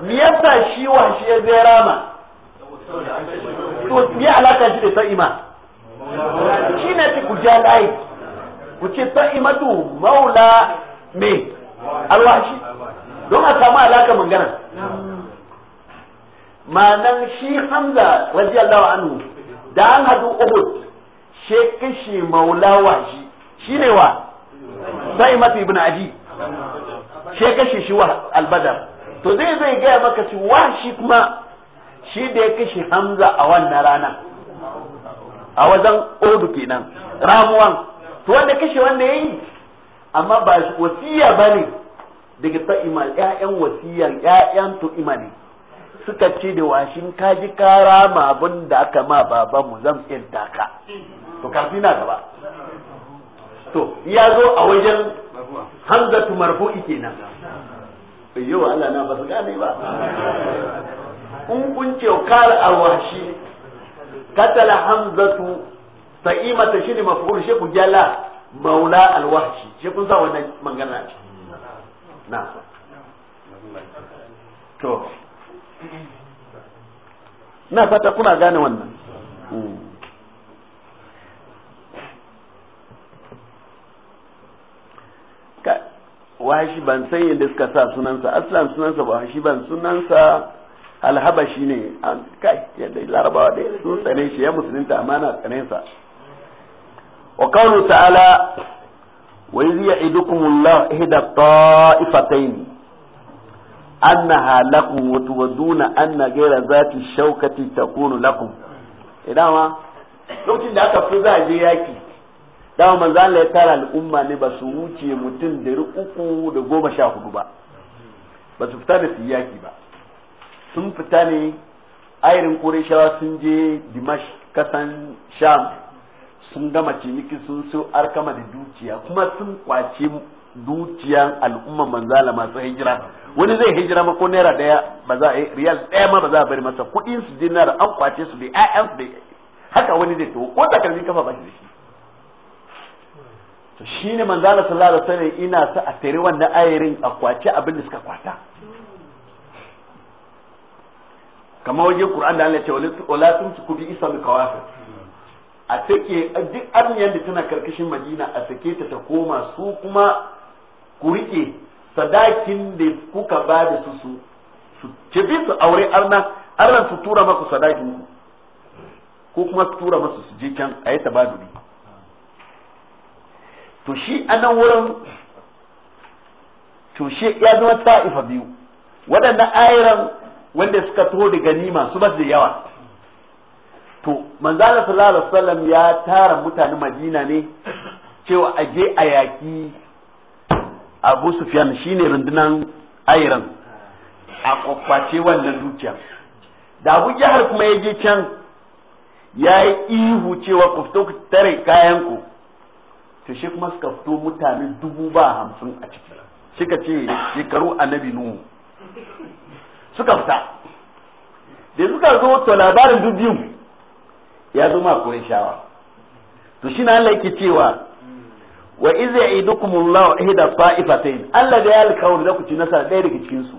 me yasa shi washi ya zai rama to alaka shi da ta'ima shi na ku ja layi ku ce ta imatu maula me alwashi don a samu alaka magana ma'anan shi hamza radiyallahu anhu da an hadu uhud she kashe maula washi shine wa sai imatu ibn adi she kashe shi wa albadar to zai zai gaya maka shi washi kuma shi da ya kashe hamza a wannan rana a wajen odu kenan ramuwan to wanda kashe wanda yayi amma ba wasiya bane daga ta imal ƴaƴan wasiyan ƴaƴan to imani suka ce da washin kaji kara ma abin da aka ma baba mu zan tsinta ka to kafin na gaba to ya zo a wajen hamzatu marfu'i kenan yau Allah na ba su gane ba kun kun ce kar a washi katala hamzatu sa'ima ta shine maf'ul shi ku jalla maula alwahshi shi kun sa wannan magana ce na to na fata kuna gane wannan hmm. wahashi ban san yadda suka sa sunansa aslan sunansa ba wahashi ban sunansa alhabashi ne kai yadda larabawa da sun tsane shi ya musulunta amana sa wa qawlu ta'ala wa idh ya'idukumullahu ihda ta'ifatayn annaha lakum wa tuwadduna anna ghayra zati shawkati takunu lakum idan lokacin da aka fi zaje yaki dama manzo Allah ya tara al'umma ne ba su wuce mutum dari uku da goma sha hudu ba ba su fita da su yaki ba sun fita ne ayarin Qurayshawa sun je Dimash kasan Sham sun gama ciniki sun so arkama da dukiya kuma sun kwace dukiyan al'umma manzala masu hijira wani zai hijira ma ko naira daya ba za a riyal daya ma ba za a bari masa kuɗin su dinar an kwace su da ƴaƴan su haka wani zai to ko takalmin kafa ba shi da shi to shine manzala sallallahu alaihi wasallam ina sa a tare wannan ayirin a kwace abin da suka kwata kamar wajen Qur'an da Allah ya ce wala tumsiku bi isami kawafir a take duk arniyar da tana karkashin madina a sake ta ta koma su kuma ku rike sadakin da kuka ba da su su su ce su aure arna arnan su tura maku sadakin ku ko kuma su tura masu su je can a yi tabaduri to shi a nan wurin to shi ya zama ta'ifa biyu waɗannan ayiran wanda suka taho da ganima su ba da yawa to manzala sallallahu alaihi wasallam ya tara mutanen madina ne cewa a je a yaki abu sufyan shine rundunan ayran a kwakwace wannan dukiya da abu jihar kuma ya je can ya yi ihu cewa ku fito ku tare kayan ku to shi kuma suka fito mutane dubu ba hamsin a ciki suka ce shekaru annabi nuhu suka fita da suka zo to labarin duk ya zama shawa. to shi na Allah yake cewa wa iz ya'idukumullahu ihda fa'ifatain Allah da ya alkawari da ku ci nasara daya daga cikin su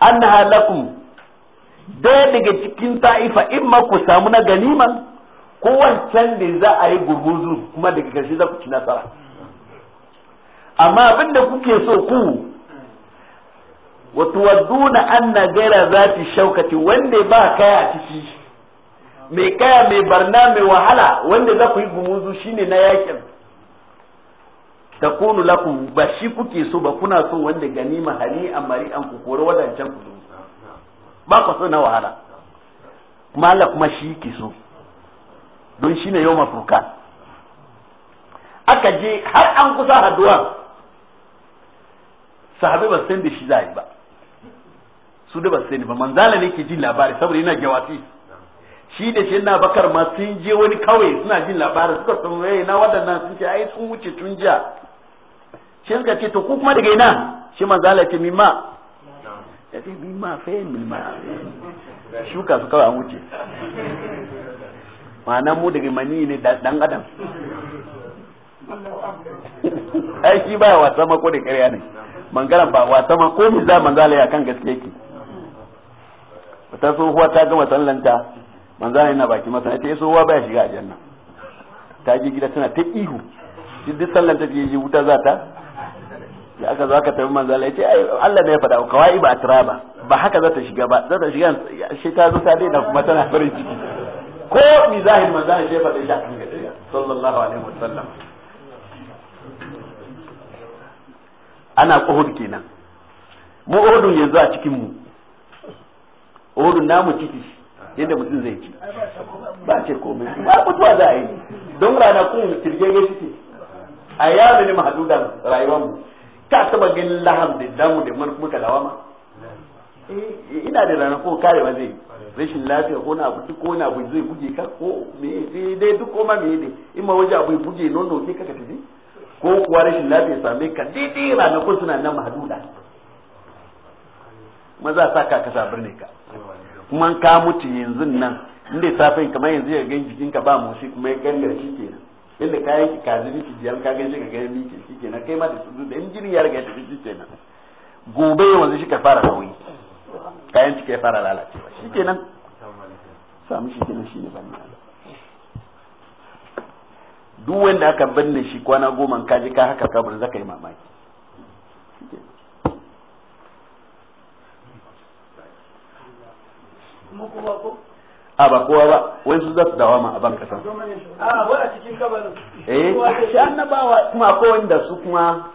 annaha lakum ɗaya daga cikin ta'ifa in ma ku samu na ganima ko wancan da za a yi gurguzu kuma daga karshe za ku ci nasara amma abinda kuke so ku wato wadduna anna gaira zati shaukati wanda ba kaya a ciki mai kaya mai barna mai wahala wanda za ku yi gumuzu shine na yakin kunu lakum ba shi kuke so ba kuna so wanda gani hani amari an ku wadancan ku ba ku so na wahala kuma Allah kuma shi ke so don shi ne yau aka je har an kusa haduwa sahabe ba san da shi za ba su da ba sani ba manzala ne ke jin labari saboda yana jawasi shi da shi na bakar ma sun je wani kawai suna jin labarin suka tsammaye eh, na waɗannan sun ce ai sun wuce tun jiya shi suka ce to ku kuma daga ina shi manzala ce mimma ya ce mimma fayin mimma shuka su kawai an wuce ma'anan mu daga mani ne dan adam ai shi ba wasa ma ko da ƙarya ne mangaran ba wasa ma ko mu za manzala ya kan gaske yake ta tsohuwa ta gama sallanta manzan yana baki masa ta yaso eh, wa baya shiga aljanna ta je gida tana ta ihu duk sallan ta je wuta za ta da aka zo aka tafi manzan ya ce ai Allah ne ya faɗa kawai ba tira ba ba haka za ta shiga ba za ta shiga shi ta zo ta daina kuma tana farin ciki ko mizahin manzan shi ya faɗa shi a kan gaskiya sallallahu alaihi wasallam ana kohud kenan mu odun yanzu a cikin mu odun namu ciki yadda mutum zai ci ba ce komai ba mutuwa za a yi don ranakun kirgege ce a yaro ne mahadudan mu ka taba ganin laham da damu da muka ma eh, ina da kare karewa zai rashin lafiya ko na abu ko na abu zai buge ka ko me sai dai duk koma me ne in ma waje abu buge nono ke kaka tafi ko kuwa rashin lafiya same ka daidai ranakun suna nan mahaduda maza sa ka kasa birne ka kuma ka mutu yanzu nan inda safin kamar yanzu ya gan jikinka ba motsi kuma ya gangara shi kenan inda yanki ki kazini ki jiyar ka gaishe ka ga miki shi kenan kai ma da su da injini ya riga ta shi kenan gobe yanzu shi ka fara nauyi kayan ki kai fara lalacewa shi kenan samu shi kenan shi ne ban duk wanda aka binne shi kwana goma ka ka haka kabarin zaka yi mamaki a ba kowa ba wai su za su ma a ban kasa a cikin kabarin eh shi annabawa kuma akwai wanda su kuma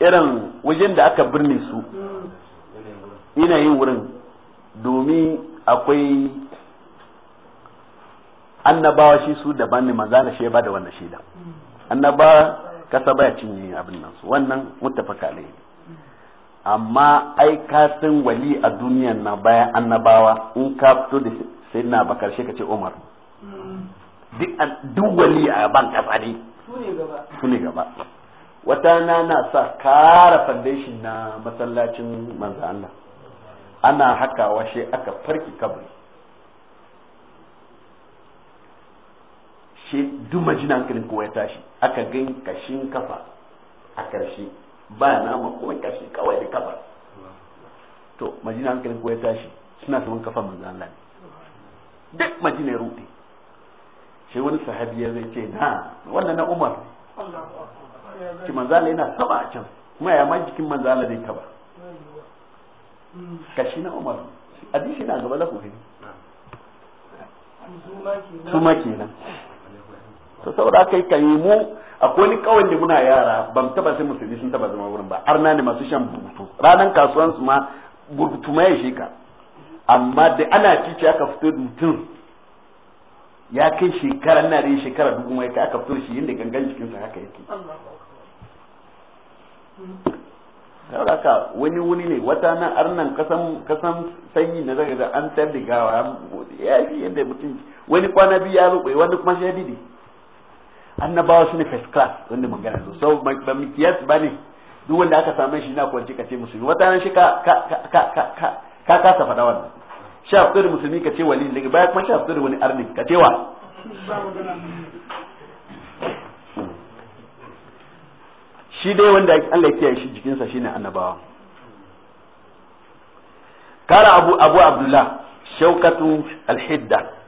irin wajen da aka birne su hmm. ina yin wurin domin akwai annabawa shi su daban ne manzo da shi ba da wannan shida hmm. annabawa kasa baya cinye abin nan su wannan muttafaka alaihi amma ai ka san wali a duniyan na bayan annabawa in ka fito da sai na ba karshe ka ce umar duk wali a ban kasa ne su ne gaba wata na na sa kara foundation na masallacin manzo Allah ana hakawa shi aka farki kabri shi duk majina hankalin kowa ya tashi aka gan kashin kafa a karshe ba nama kuma kashi kawai da kafa to majina hankalin ko ya tashi suna saman kafa manzo Allah ne duk majina ya rute shi wani sahabi ya zai ce na wannan na Umar ki manzo Allah yana saba a can kuma ya ma jikin manzo Allah zai kaba kashi na Umar hadisi na gaba da ku gani su ma kenan to saboda kai kai mu akwai wani kawai da muna yara ban taba sai musulmi sun taba zama wurin ba arna ne masu shan burkutu ranar kasuwan su ma burkutu ma ya shika amma da ana cici aka fito mutum ya kai shekara na da shekara dubu mai ka aka fito shi da gangan jikin sa haka yake haka wani wuni ne wata nan arnan kasan kasan sanyi na zaga da an tar da gawa ya yi yadda mutum wani kwana biyu ya rubai wani kuma sha biyu annabawa su ne first class wanda magana su so ba mu kiyas ba ne duk wanda aka same shi na kwance ka ce musulmi wata ran shi ka ka ka ka ka kasa faɗa wannan sha fitar musulmi ka ce wali daga baya kuma sha fitar wani arni ka ce wa shi dai wanda Allah ya kiyaye shi jikinsa shine annabawa kara abu abu abdullah shaukatu alhidda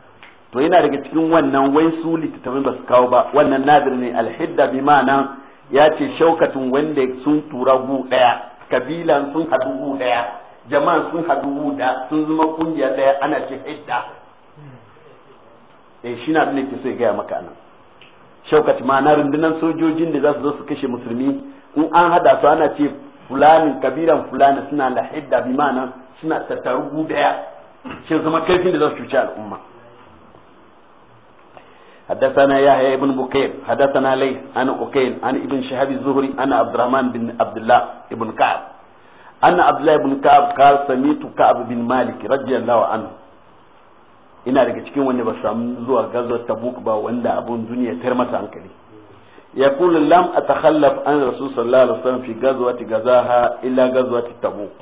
to yana daga cikin wannan wai su littattafai ba su kawo ba wannan nadir ne alhidda bi ma'ana ya ce shaukatun wanda sun tura gu daya kabilan sun haɗu gu daya jama'a sun haɗu gu da sun zama kungiya daya ana ce hidda eh shi na ne ke so ya gaya maka nan shaukat ma'ana rundunar sojojin da za su zo su kashe musulmi in an hada su ana ce fulanin kabilan fulani suna da hidda bi ma'ana suna tattaru gu daya shi zama kaifin da za su cuci al'umma حدثنا يحيى بن بكير حدثنا ليث عن أكيل عن ابن شهاب الزهري عن عبد الرحمن بن عبد الله بن كعب أن عبد الله بن كعب قال سميت كعب بن مالك رضي الله عنه ina daga cikin wani ba samu zuwa gazar tabuk ba wanda abun duniya tar masa hankali ya kula lam takhallaf an rasu sallallahu alaihi wasallam fi gazwati gazaha illa gazwati tabuk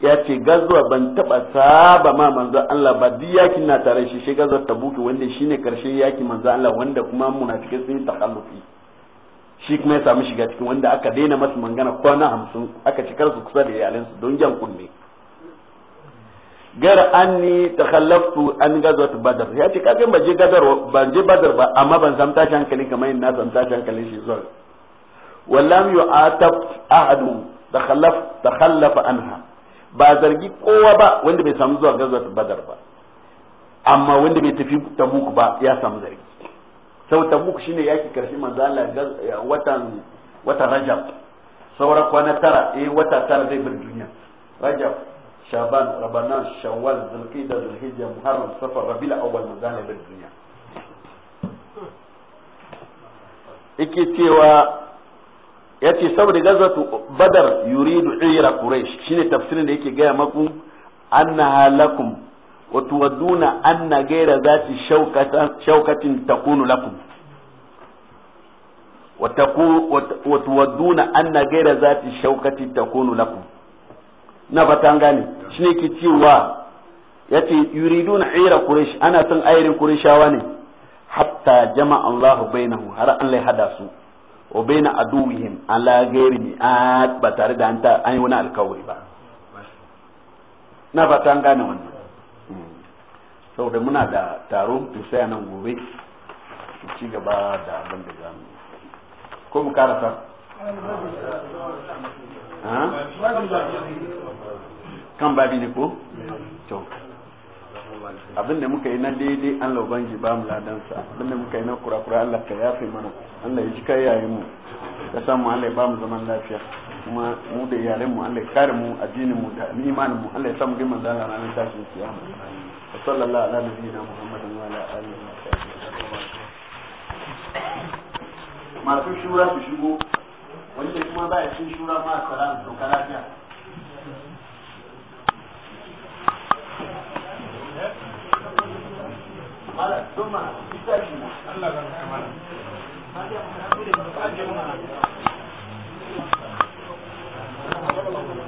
ya ce gazuwa ban taba saba ma manzo Allah ba duk yakin na tare shi shi gazuwa tabuki wanda shine karshen yakin manzo Allah wanda kuma munafikai sun yi takallufi shi kuma ya samu shiga cikin wanda aka daina masa mangana kwana hamsin aka cikar su kusa da iyalinsu don jan kunne gar anni takhallaftu an gazwat badar ya ce kafin baje je gadar ban je badar ba amma ban san tashi hankali kamar yadda na san tashi hankali shi zuwa wallam yu'atab ahadu takhallaf takhallafa anha ba zargi kowa ba wanda bai samu zuwa gazwat badar ba amma wanda bai tafi tabuk ba ya samu zargi sau tabuk shine yaki karshe manzo Allah watan watan rajab saura kwana tara eh wata tara zai bar duniya rajab shaban rabanan shawwal zulqida zulhijja muharram safar rabiul awwal manzo Allah bar duniya yake cewa ya ce saboda gazatu badar yuridu ira quraish shine tafsirin da yake gaya maku annaha lakum wa tuwadduna anna gaira zati shaukatin takunu lakum wa tuwadduna anna gaira zati shaukati takunu lakum na fatan gane shine yake cewa yace yuriduna ira quraish ana son ayrin qurayshawa ne hatta jama'a Allahu bainahu har Allah ya hada su wa baina aduwihim ala ghairi mi'at ba tare da an ta an yi wani alkawari ba na fata an gane wannan saboda muna da taro to sai nan gobe ci gaba da abin da zamu ko mu karasa ah? kan babi ne ko to abin da muka yi na daidai an lauban ji ba mu ladansa abin da muka yi na kurakura Allah ka yafe mana Allah ya ji kai yayin mu ka samu Allah ya ba mu zaman lafiya kuma mu da iyalan mu Allah ya kare mu addinin mu da imanin mu Allah ya samu bi manzan Allah ranar tashin kiyama sallallahu ala nabiyina muhammadin wa ala alihi wa sahbihi masu shura su shigo wanda kuma ba a cin shura ma salam to karafiya Thank you.